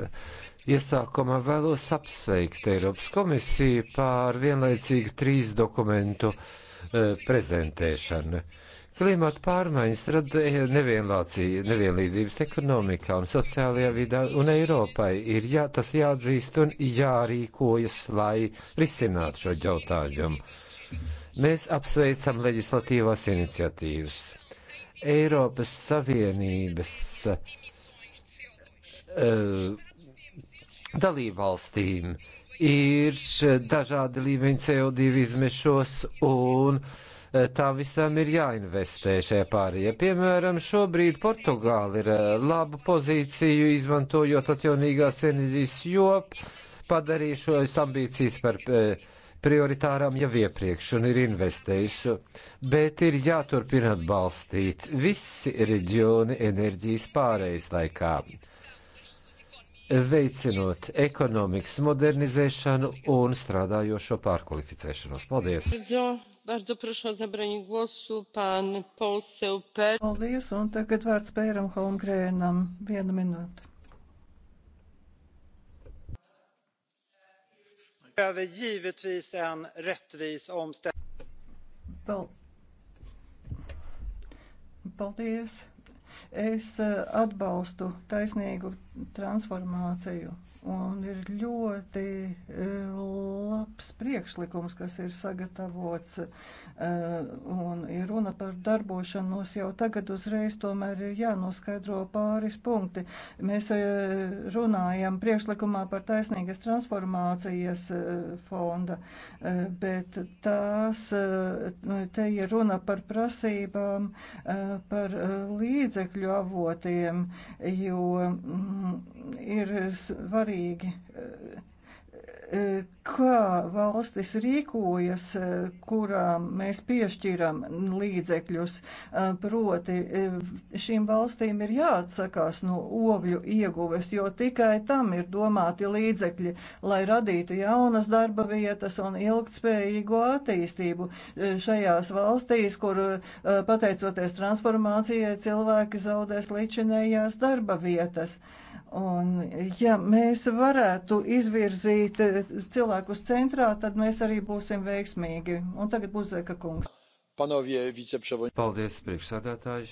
Iesākumā vēlos apsveikt Eiropas komisiju pār vienlaicīgi trīs dokumentu e, prezentēšanu. Klimata pārmaiņas rada nevienlīdzības ekonomikā un sociālajā vidā, un Eiropai ir jā, tas jāatzīst un jārīkojas, lai risinātu šo jautājumu. Mēs apsveicam leģislatīvās iniciatīvas. Eiropas Savienības uh, e, dalībvalstīm ir dažādi līmeņi CO2 izmešos un eh, tā visam ir jāinvestē šajā pārējā. Piemēram, šobrīd Portugāla ir eh, labu pozīciju izmantojot atjaunīgās enerģijas, jo padarīja šos ambīcijas par eh, prioritārām jau iepriekš un ir investējusi, bet ir jāturpina atbalstīt visi reģioni enerģijas pārējais laikā veicinot ekonomikas modernizēšanu un strādājošo pārkvalificēšanos. Paldies! Bardzo proszę o zabranie głosu pan poseł Per. Paldies, un tagad vārds Pēram Holmgrēnam. Vienu minūti. Över givetvis en rättvis omställning. Paldies. Es eh, atbalstu taisnīgu transformāciju. Un ir ļoti e, labs priekšlikums, kas ir sagatavots, e, un ir runa par darbošanos jau tagad uzreiz, tomēr ir jānoskaidro pāris punkti. Mēs e, runājam priekšlikumā par taisnīgas transformācijas fonda, bet tās, nu, te ir runa par prasībām, par līdzekļu avotiem, jo mm, ir svarīgi eh, eh, kā valstis rīkojas, eh, kurām mēs piešķiram līdzekļus. Proti, šīm valstīm ir jāatsakās no ogļu ieguves, jo tikai tam ir domāti līdzekļi, lai radītu jaunas darba vietas un ilgtspējīgu attīstību šajās valstīs, kur pateicoties transformācijai cilvēki zaudēs līdzinējās darba vietas. Uh, Un, ja mēs varētu izvirzīt eh, cilvēkus centrā, tad mēs arī būsim veiksmīgi. Un tagad būs Zeka kungs. Panovie viceprezidents. Paldies, priekšsādātāji.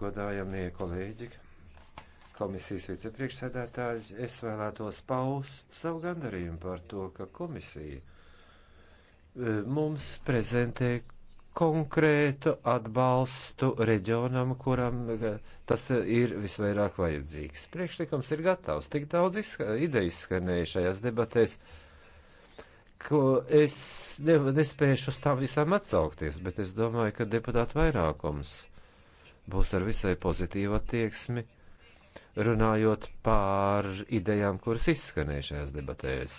Godājamie kolēģi, komisijas vicepriekšsēdētāji, es vēlētos paust savu gandarījumu par to, ka komisija eh, mums prezentē konkrētu atbalstu reģionam, kuram eh, tas ir visvairāk vajadzīgs. Priekšlikums ir gatavs, tik daudz izska ideju izskanēja šajās debatēs, ko es ne nespēšu uz tām visām atsaukties, bet es domāju, ka deputātu vairākums būs ar visai pozitīvu attieksmi, runājot pār idejām, kuras izskanēja šajās debatēs,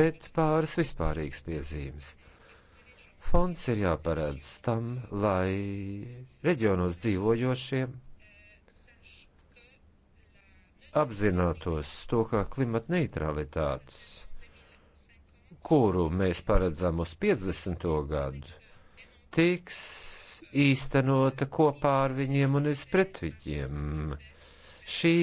bet pāris vispārīgas piezīmes. Fonds ir jāparādz tam, lai reģionos dzīvojošiem apzinātos to kā klimata neutralitātes, kuru mēs paredzam uz 50. gadu, tiks īstenota kopā ar viņiem un es pret viņiem. Šī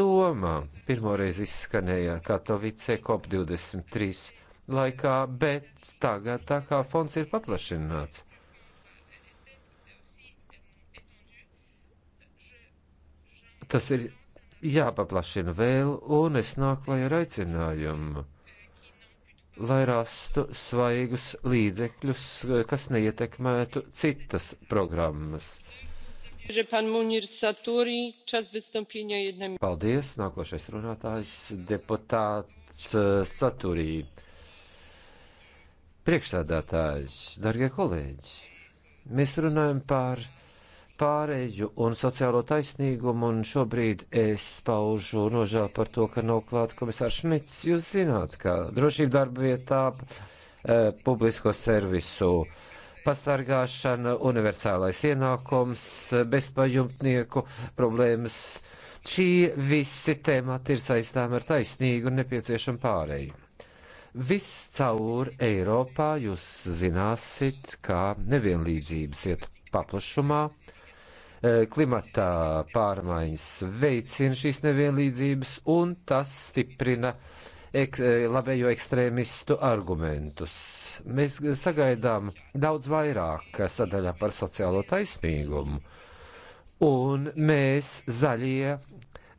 doma pirmoreiz izskanēja Katovicē COP23 laikā, bet tagad tā kā fonds ir paplašināts. Tas ir jāpaplašina vēl, un es nāku lai ar aicinājumu, lai rastu svaigus līdzekļus, kas neietekmētu citas programmas. Paldies, nākošais runātājs deputāts eh, Saturī. Priekšsēdētājs, darbie kolēģi, mēs runājam par pārēju un sociālo taisnīgumu, un šobrīd es paužu nožēlu par to, ka nav klāt komisārs Šmits. Jūs zināt, ka drošība darba vietā, eh, publisko servisu pasargāšana, universālais ienākums, bezpajumtnieku problēmas, šie visi temati ir saistām ar taisnīgu un nepieciešamu pārēju. Viss caur Eiropā jūs zināsit, kā nevienlīdzības iet paplašumā, e, klimata pārmaiņas veicina šīs nevienlīdzības un tas stiprina ek, e, labējo ekstrēmistu argumentus. Mēs sagaidām daudz vairāk sadaļā par sociālo taisnīgumu. Un mēs zaļie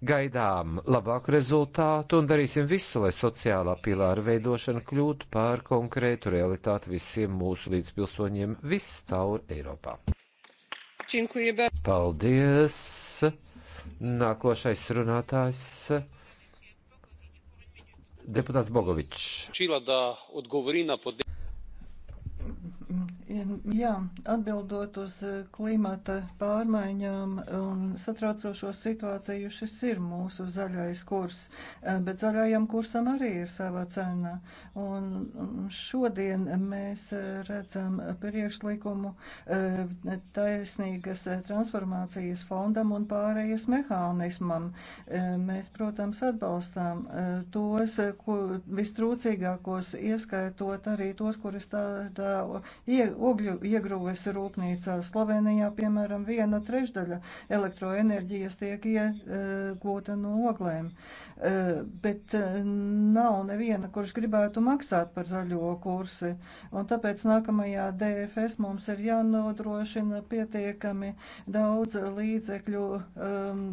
gaidām labāku rezultātu un darīsim visu, lai sociālā pilāra veidošana kļūtu par konkrētu realitāti visiem mūsu līdzpilsoņiem viscaur Eiropā. Paldies! Nākošais runātājs deputāts Bogovičs. Jā, atbildot uz eh, klimata pārmaiņām un satraucošo situāciju, šis ir mūsu zaļais kurs, eh, bet zaļajam kursam arī ir sava cena. Un mm, šodien mēs eh, redzam priekšlikumu taisnīgas transformācijas fondam un pārējas mehānismam. Mēs, protams, atbalstām tos vistrūcīgākos, ieskaitot arī tos, kuri stādā ogļu ieguves rūpnīcā. Slovenijā, piemēram, viena trešdaļa elektroenerģijas tiek iegūta no oglēm, e, bet e, nav neviena, kurš gribētu maksāt par zaļo kursi. Un tāpēc nākamajā DFS mums ir jānodrošina pietiekami daudz līdzekļu um,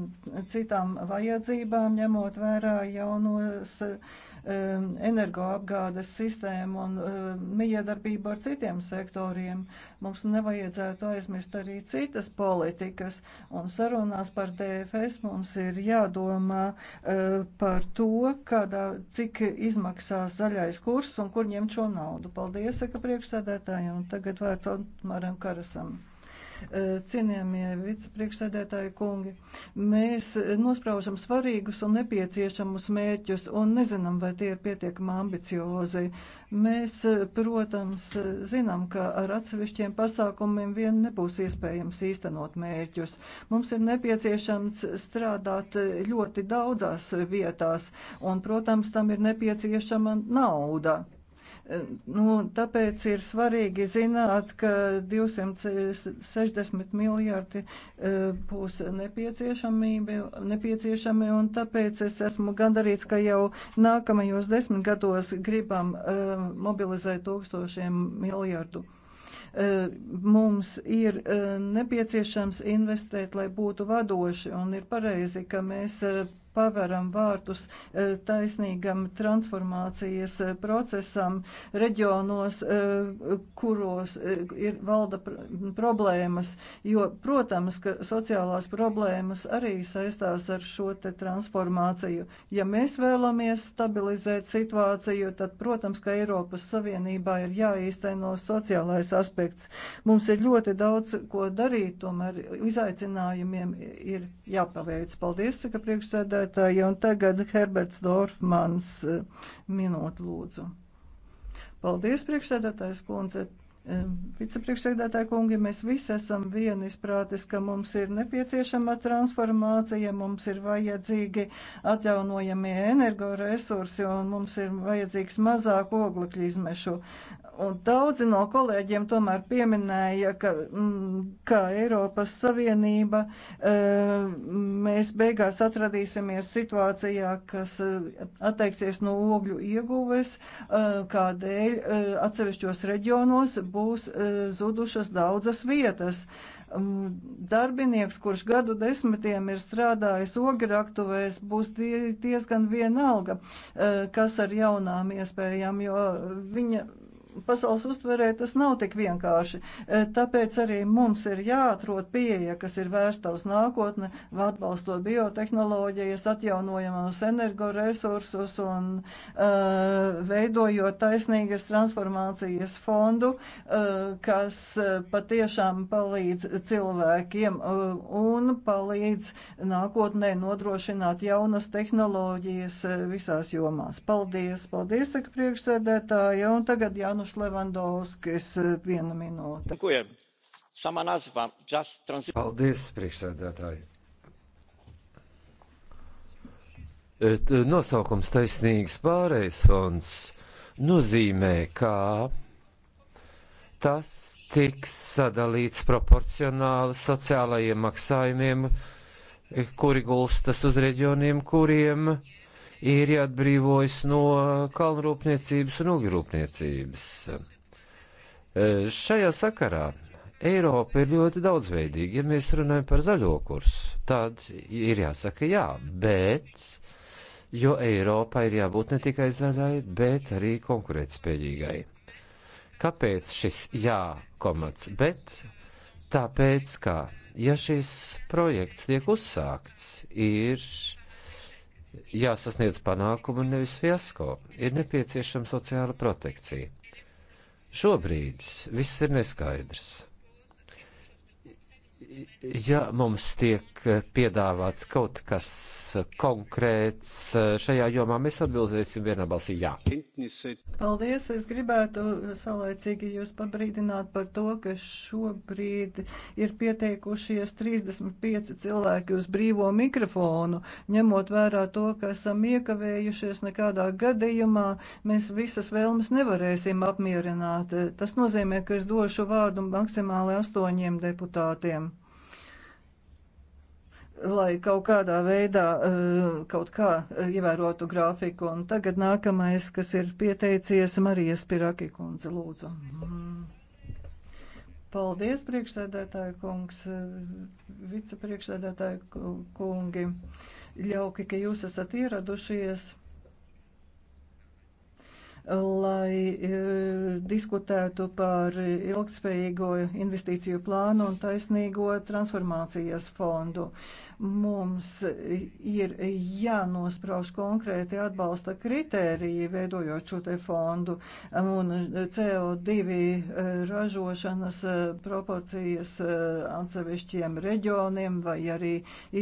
citām vajadzībām, ņemot vērā jaunos. Uh, Um, energoapgādes sistēmu un um, mijiedarbību ar citiem sektoriem. Mums nevajadzētu aizmirst arī citas politikas, un sarunās par DFS mums ir jādomā uh, par to, kādā, cik izmaksās zaļais kurs un kur ņemt šo naudu. Paldies, saka priekšsēdētājiem, un tagad vārds Otmaram Karasam. Cienījamie vicepriekšsēdētāji kungi, mēs nospraužam svarīgus un nepieciešamus mērķus un nezinām, vai tie ir pietiekami ambiciozi. Mēs, protams, zinām, ka ar atsevišķiem pasākumiem vien nebūs iespējams īstenot mērķus. Mums ir nepieciešams strādāt ļoti daudzās vietās, un, protams, tam ir nepieciešama nauda. Nu, tāpēc ir svarīgi zināt, ka 260 miljardi e, būs nepieciešami, un tāpēc es esmu gandarīts, ka jau nākamajos desmit gados gribam e, mobilizēt tūkstošiem miljardu e, mums ir nepieciešams investēt, lai būtu vadoši, un ir pareizi, ka mēs paveram vārtus eh, taisnīgam transformācijas eh, procesam reģionos, eh, kuros ir valda problēmas, jo, protams, ka sociālās problēmas arī saistās ar šo te transformāciju. Ja mēs vēlamies stabilizēt situāciju, tad, protams, ka Eiropas Savienībā ir jāīsteno sociālais aspekts. Mums ir ļoti daudz ko darīt, tomēr izaicinājumiem ir jāpaveic. Paldies, saka priekšsēdē priekšsēdētāja, un tagad Herberts Dorfmans eh, minūtu lūdzu. Paldies, priekšsēdētājs kundze. Eh, vicepriekšsēdētāji kungi, mēs visi esam vienisprātis, ka mums ir nepieciešama transformācija, mums ir vajadzīgi atjaunojamie energoresursi un mums ir vajadzīgs mazāk oglekļu izmešu. Un daudzi no kolēģiem tomēr pieminēja, ka mm, kā Eiropas Savienība e, mēs beigās atradīsimies situācijā, kas e, atteiksies no ogļu ieguves, e, kādēļ atsevišķos reģionos būs zudušas daudzas vietas mm, darbinieks, kurš gadu desmitiem ir strādājis ograktuvēs, būs diezgan vienalga, kas ar jaunām iespējām, jo viņa pasaules uztverē tas nav tik vienkārši. E, tāpēc arī mums ir jāatrod pieeja, kas ir vērsta uz nākotni, atbalstot biotehnoloģijas, atjaunojamos energoresursus un uh, veidojot taisnīgas transformācijas fondu, uh, kas patiešām palīdz cilvēkiem uh, un palīdz nākotnē nodrošināt jaunas tehnoloģijas visās jomās. Paldies, paldies, saka priekšsēdētāja, un tagad jānodrošina. Januš Levandovskis, viena minūte. Paldies, priekšsēdētāji. E, nosaukums taisnīgs pārējais fonds nozīmē, ka tas tiks sadalīts proporcionāli sociālajiem maksājumiem, kuri gulstas uz reģioniem, kuriem uh, ir jāatbrīvojas no kalnrūpniecības un ugļrūpniecības. E, šajā sakarā Eiropa ir ļoti daudzveidīga. Ja mēs runājam par zaļo kursu, tad ir jāsaka jā, bet, jo Eiropa ir jābūt ne tikai zaļai, bet arī konkurētspējīgai. Kāpēc šis jā komats, bet tāpēc, ka, ja šis projekts tiek uzsākts, ir jāsasniedz panākumu un nevis fiasko. Ir nepieciešama sociāla protekcija. Šobrīd viss ir neskaidrs ja mums tiek eh, piedāvāts kaut kas eh, konkrēts eh, šajā jomā, mēs atbildēsim vienā balsī jā. Paldies, es gribētu saulēcīgi jūs pabrīdināt par to, ka šobrīd ir pieteikušies 35 cilvēki uz brīvo mikrofonu, ņemot vērā to, ka esam iekavējušies nekādā gadījumā, mēs visas vēlmes nevarēsim apmierināt. Tas nozīmē, ka es došu vārdu maksimāli astoņiem deputātiem lai kaut kādā veidā eh, kaut kā eh, ievērotu grafiku. Un tagad nākamais, kas ir pieteicies, Marijas Piraki kundze, lūdzu. Paldies, priekšsēdētāju kungs, eh, vicepriekšsēdētāju kungi. Ļauki, ka jūs esat ieradušies lai e, diskutētu par ilgtspējīgo investīciju plānu un taisnīgo transformācijas fondu. Mums ir jānosprauž konkrēti atbalsta kritēriji, veidojot šo te fondu, un CO2 ražošanas proporcijas atsevišķiem reģioniem vai arī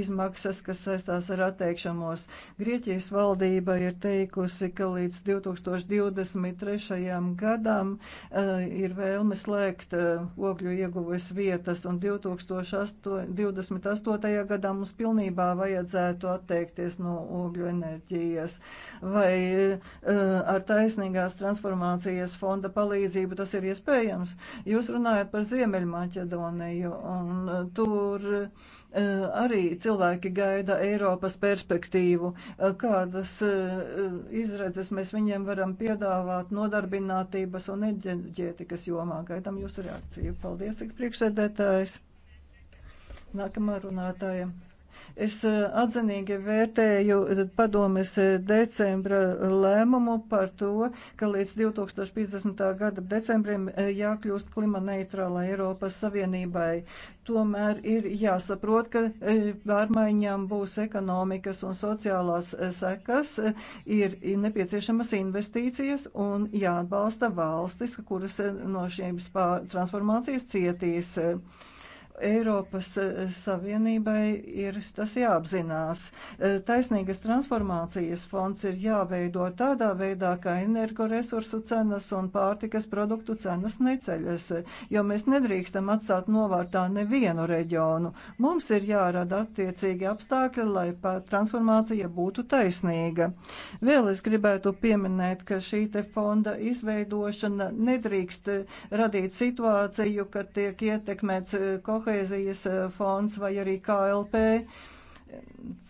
izmaksas, kas saistās ar atteikšanos. Grieķijas valdība ir teikusi, ka līdz 2023. gadam eh, ir vēlme slēgt eh, ogļu ieguves vietas, un 2028. gadā mums mums pilnībā vajadzētu atteikties no ogļu enerģijas. Vai eh, ar taisnīgās transformācijas fonda palīdzību tas ir iespējams? Jūs runājat par Ziemeļmaķedoniju, un tur eh, arī cilvēki gaida Eiropas perspektīvu. Eh, kādas izredzes mēs viņiem varam piedāvāt nodarbinātības un enerģētikas jomā? Gaidām jūsu reakciju. Paldies, ik priekšsēdētājs! Nākamā runātāja. Es eh, atzinīgi vērtēju padomes eh, decembra lēmumu par to, ka līdz 2050. gada decembrim eh, jākļūst klima neitrālai Eiropas Savienībai. Tomēr ir jāsaprot, ka pārmaiņām būs ekonomikas un sociālās sekas, ir nepieciešamas investīcijas un jāatbalsta valstis, kuras no šīm transformācijas cietīs. Eiropas e, Savienībai ir tas jāapzinās. E, taisnīgas transformācijas fonds ir jāveido tādā veidā, ka energoresursu cenas un pārtikas produktu cenas neceļas, jo mēs nedrīkstam atstāt novārtā nevienu reģionu. Mums ir jārada attiecīgi apstākļi, lai transformācija būtu taisnīga. Vēl es gribētu pieminēt, ka šī te fonda izveidošana nedrīkst radīt situāciju, ka tiek ietekmēts e, kohēzijas kohēzijas eh, fonds vai arī KLP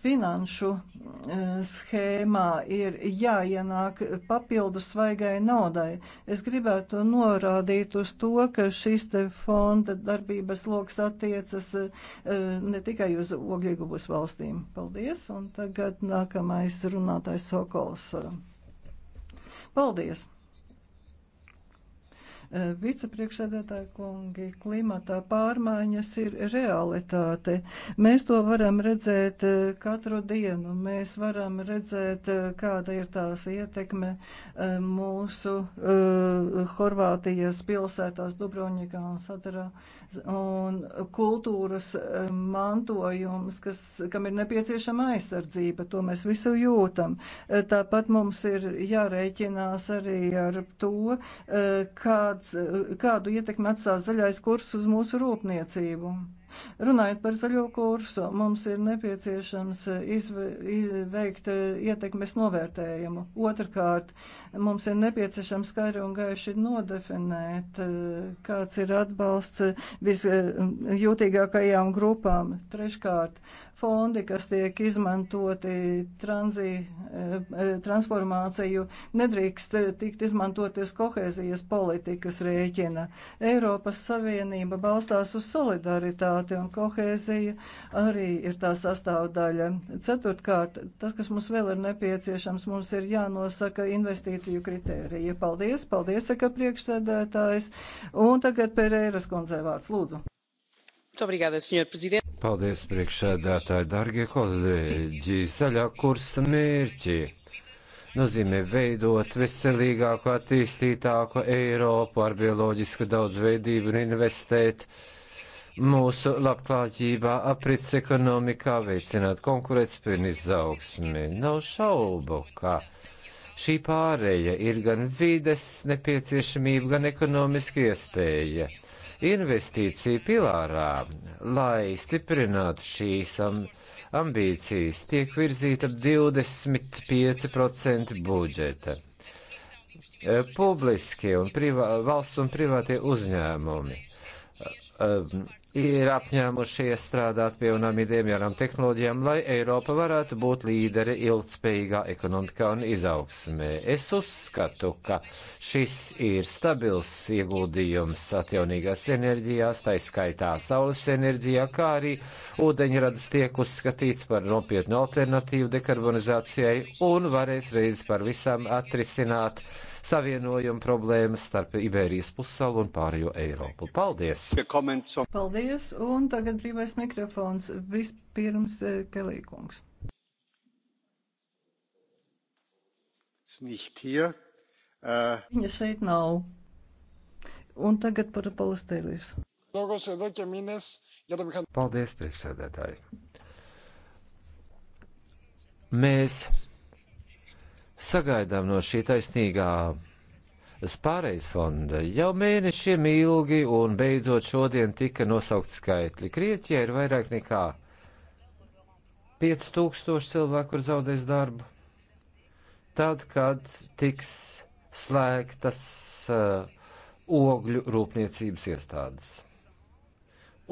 finanšu eh, schēmā ir jāienāk papildu svaigai naudai. Es gribētu norādīt uz to, ka šis te fonda darbības loks attiecas eh, ne tikai uz ogļieguvus valstīm. Paldies, un tagad nākamais runātājs Sokols. Paldies! Eh, Vicepriekšsēdētāja kungi, klimata pārmaiņas ir realitāte. Mēs to varam redzēt eh, katru dienu. Mēs varam redzēt, eh, kāda ir tās ietekme mūsu uh, Horvātijas pilsētās Dubrovnikā un Sadarā. Uh, un kultūras eh, mantojums, kas, kam ir nepieciešama aizsardzība. To mēs visu jūtam. Eh, tāpat mums ir jārēķinās arī ar to, eh, kāds, kādu ietekmi atstās zaļais kurs uz mūsu rūpniecību. Runājot par zaļo kursu, mums ir nepieciešams eh, izveikt eh, ietekmes novērtējumu. Otrakārt, mums ir nepieciešams skaidri un gaiši nodefinēt, eh, kāds ir atbalsts visjūtīgākajām grupām. Treškārt, fondi, kas tiek izmantoti tranzī, eh, eh, transformāciju, nedrīkst tikt izmantoties kohēzijas politikas rēķina. Eiropas Savienība balstās uz solidaritāti un kohēzija arī ir tā sastāvdaļa. Ceturtkārt, tas, kas mums vēl ir nepieciešams, mums ir jānosaka investīciju kritērija. Paldies, paldies, saka priekšsēdētājs. Un tagad Pēreiras kundzei vārds lūdzu. Obrigada, senhor presidente. Paldies, priekšsēdētāji, darbie kolēģi. Zaļā kursa mērķi nozīmē veidot veselīgāku, attīstītāku Eiropu ar bioloģisku daudzveidību un investēt mūsu labklājībā, aprits ekonomikā, veicināt konkurētspēju un izaugsmi. Nav šaubu, ka šī pārēja ir gan vides nepieciešamība, gan ekonomiska iespēja investīciju pilārā, lai stiprinātu šīs ambīcijas, tiek virzīta 25% budžeta. E, publiskie un privā, valsts un privātie uzņēmumi e, ir apņēmušies strādāt pie unamidiem jaunām tehnoloģijām, lai Eiropa varētu būt līderi ilgspējīgā ekonomikā un izaugsmē. Es uzskatu, ka šis ir stabils ieguldījums atjaunīgās enerģijās, tā izskaitā saules enerģijā, kā arī ūdeņradas tiek uzskatīts par nopietnu alternatīvu dekarbonizācijai un varēs reiz par visam atrisināt uh, savienojuma problēmas starp Iberijas pussalu un pārējo Eiropu. Paldies! Paldies! Un tagad brīvais mikrofons. Vispirms eh, Kelīkungs. Äh. Viņa šeit nav. Un tagad par Palestīnas. Paldies, priekšsēdētāji! Mēs sagaidām no šī taisnīgā spārējais fonda. Jau mēnešiem ilgi un beidzot šodien tika nosaukt skaitļi. Krieķijā ir vairāk nekā 5000 cilvēku, kur zaudēs darbu. Tad, kad tiks slēgtas uh, ogļu rūpniecības iestādes.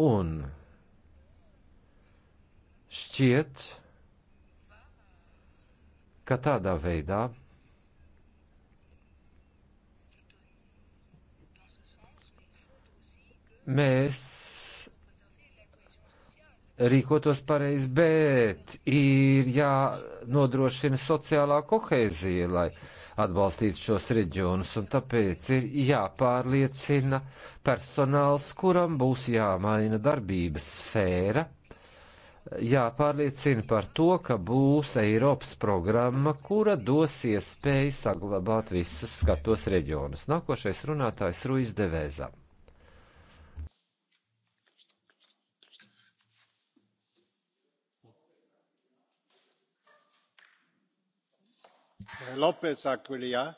Un šķiet, ka tādā veidā mēs rīkotos pareizi, bet ir jānodrošina sociālā kohēzija, lai atbalstītu šos reģionus, un tāpēc ir jāpārliecina personāls, kuram būs jāmaina darbības sfēra jāpārliecina par to, ka būs Eiropas programma, kura dos iespēju saglabāt visus skatos reģionus. Nākošais runātājs Ruiz Devēza. Lopes Aquilia.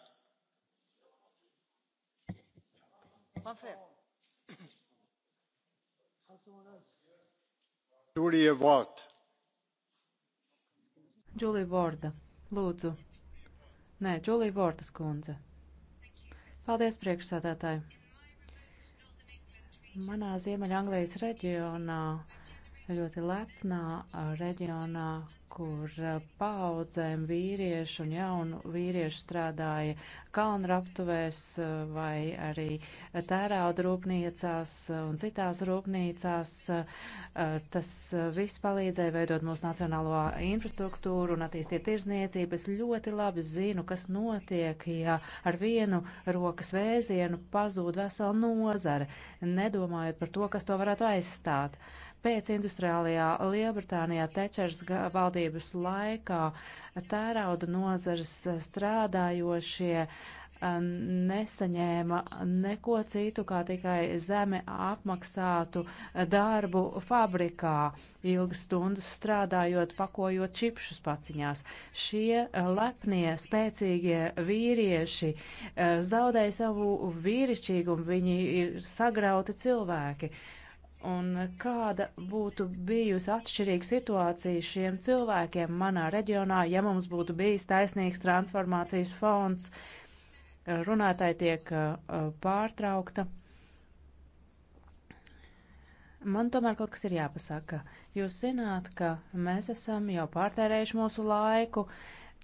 Perfect. Julija Vārta. Julija Vārda, lūdzu. Nē, Julija Vārtas kundze. Paldies, priekšsādātāji. Manā Ziemeļa Anglijas reģionā, ļoti lepnā reģionā, kur eh, paudzēm vīriešu un jaunu vīriešu strādāja kalnraptuvēs eh, vai arī tērauda rūpnīcās eh, un citās rūpnīcās. Tas viss palīdzēja veidot mūsu nacionālo infrastruktūru un attīstīt tirzniecību. Es ļoti labi zinu, kas notiek, ja ar vienu rokas vēzienu pazūd vesela nozare, nedomājot par to, kas to varētu aizstāt. Uh, Pēc industriālajā Lielbritānijā Tečers valdības laikā tērauda nozares strādājošie nesaņēma neko citu, kā tikai zemi apmaksātu darbu fabrikā, ilgas stundas strādājot, pakojot čipšus paciņās. Šie lepnie, spēcīgie vīrieši zaudēja savu vīrišķīgumu, viņi ir sagrauti cilvēki un kāda būtu bijusi atšķirīga situācija šiem cilvēkiem manā reģionā, ja mums būtu bijis taisnīgs transformācijas fonds. Runātāji tiek uh, uh, pārtraukta. Man tomēr kaut kas ir jāpasaka. Jūs zināt, ka mēs esam jau pārtērējuši mūsu laiku.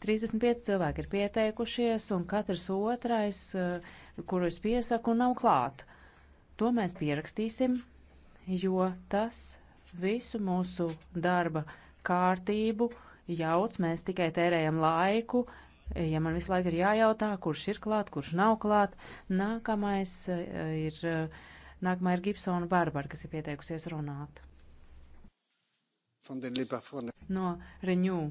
35 cilvēki ir pieteikušies, un katrs otrais, uh, kuru es piesaku, nav klāt. To mēs pierakstīsim, jo tas visu mūsu darba kārtību jauc, mēs tikai tērējam laiku, ja man visu laiku ir jājautā, kurš ir klāt, kurš nav klāt. Nākamais eh, ir, eh, nākamā ir Gibsona Barbara, kas ir pieteikusies runāt. No Renew.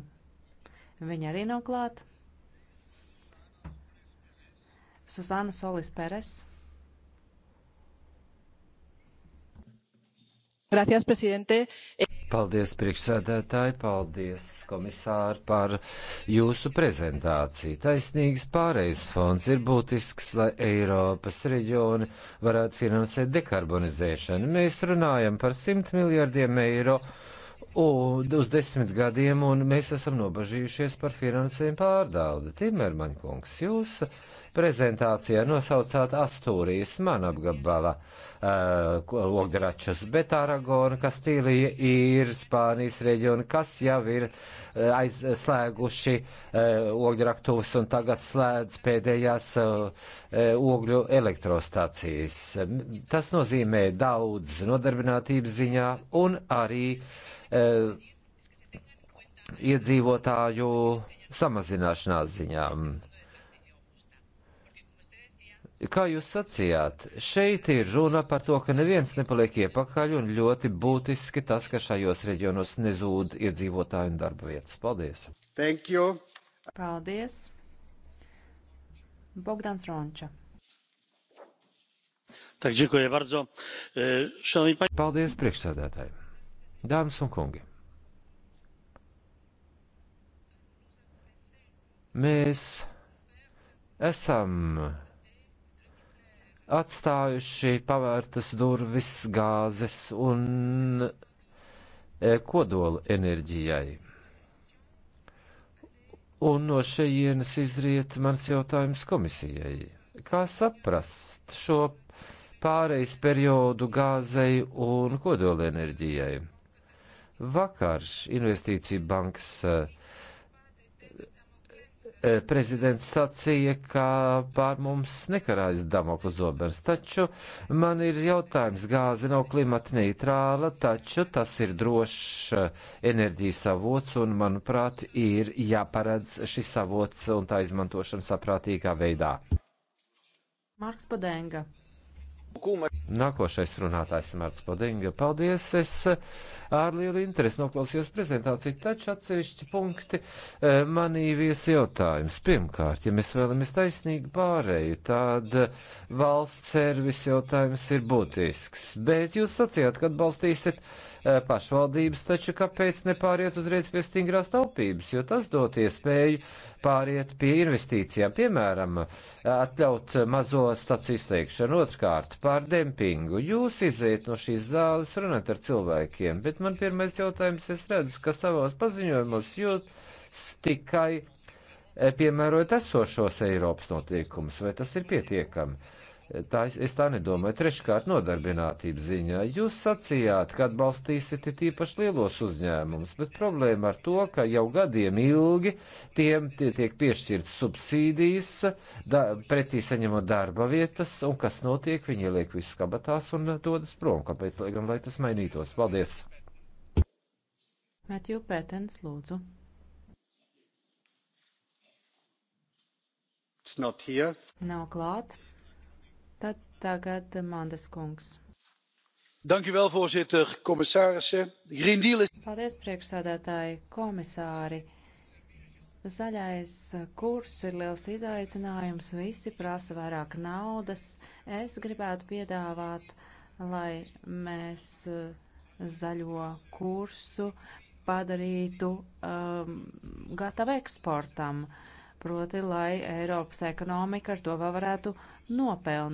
Viņa arī nav klāt. Susana Solis Peres. Gracias, presidente. Paldies, priekšsēdētāji, paldies, komisāri, par jūsu prezentāciju. Taisnīgs pārejas fonds ir būtisks, lai Eiropas reģioni varētu finansēt dekarbonizēšanu. Mēs runājam par 100 miljardiem eiro un uz desmit gadiem, un mēs esam nobažījušies par finansējumu pārdaldi. Timermaņkungs, jūs prezentācijā nosaucāt Astūrijas man apgabala uh, eh, ogderačus, bet Aragona, Kastīlija ir Spānijas reģiona, kas jau ir uh, aizslēguši uh, eh, ogderaktuvus un tagad slēdz pēdējās uh, ogļu elektrostācijas. Tas nozīmē daudz nodarbinātības ziņā un arī uh, E, iedzīvotāju samazināšanās ziņām. Kā jūs sacījāt, šeit ir runa par to, ka neviens nepaliek iepakaļ un ļoti būtiski tas, ka šajos reģionos nezūd iedzīvotāju un darba vietas. Paldies! Thank you! Paldies! Bogdans Ronča. Tak, dziękuję bardzo. E, szanowni Państwo. Paldies priekšsēdētājiem. Dāmas un kungi, mēs esam atstājuši pavērtas durvis gāzes un e, kodola enerģijai. Un no šejienes izriet mans jautājums komisijai. Kā saprast šo pārejas periodu gāzei un kodola enerģijai? Vakar Investīcija bankas eh, eh, prezidents sacīja, ka pār mums nekarājas Damokla zobens. Taču man ir jautājums, gāze nav klimata neitrāla, taču tas ir drošs eh, enerģijas avots un, manuprāt, ir jāparedz šis avots un tā izmantošana saprātīgā veidā. Marks Podēnga. Nākošais runātājs Marts Podinga. Paldies! Es eh, ar lielu interesi noklausījos prezentāciju, taču atsevišķi punkti eh, manī vies jautājums. Pirmkārt, ja mēs vēlamies taisnīgu pārēju, tad eh, valsts servis jautājums ir būtisks. Bet jūs sacījāt, ka atbalstīsiet Eh, pašvaldības, taču kāpēc nepāriet uzreiz pie stingrās taupības, jo tas dot iespēju pāriet pie investīcijām, piemēram, atļaut mazo staciju slēgšanu, otrkārt, pār dempingu. Jūs iziet no šīs zāles, runāt ar cilvēkiem, bet man pirmais jautājums, es redzu, ka savos paziņojumos jūs tikai eh, piemērojat esošos Eiropas notiekumus, vai tas ir pietiekami? Tā es, es tā nedomāju. Treškārt, nodarbinātības ziņā jūs sacījāt, ka atbalstīsiet tīpaši lielos uzņēmumus, bet problēma ar to, ka jau gadiem ilgi tiem tie tiek piešķirts subsīdijas, da, pretī saņemot darba vietas, un kas notiek, viņi ieliek visus kabatās un dodas prom. Kāpēc, lai gan, lai tas mainītos? Paldies! Mētju Pētens, lūdzu. Nav klāt. Tad tagad Mandes kungs. Dankjewel, voorzitter, commissarissen. Green Deal is. Paldies, priekšsādātāji, komisāri. Zaļais kurs ir liels izaicinājums, visi prasa vairāk naudas. Es gribētu piedāvāt, lai mēs eh, zaļo kursu padarītu um, gatavu eksportam, proti, lai Eiropas ekonomika ar to vēl varētu nopelnīt.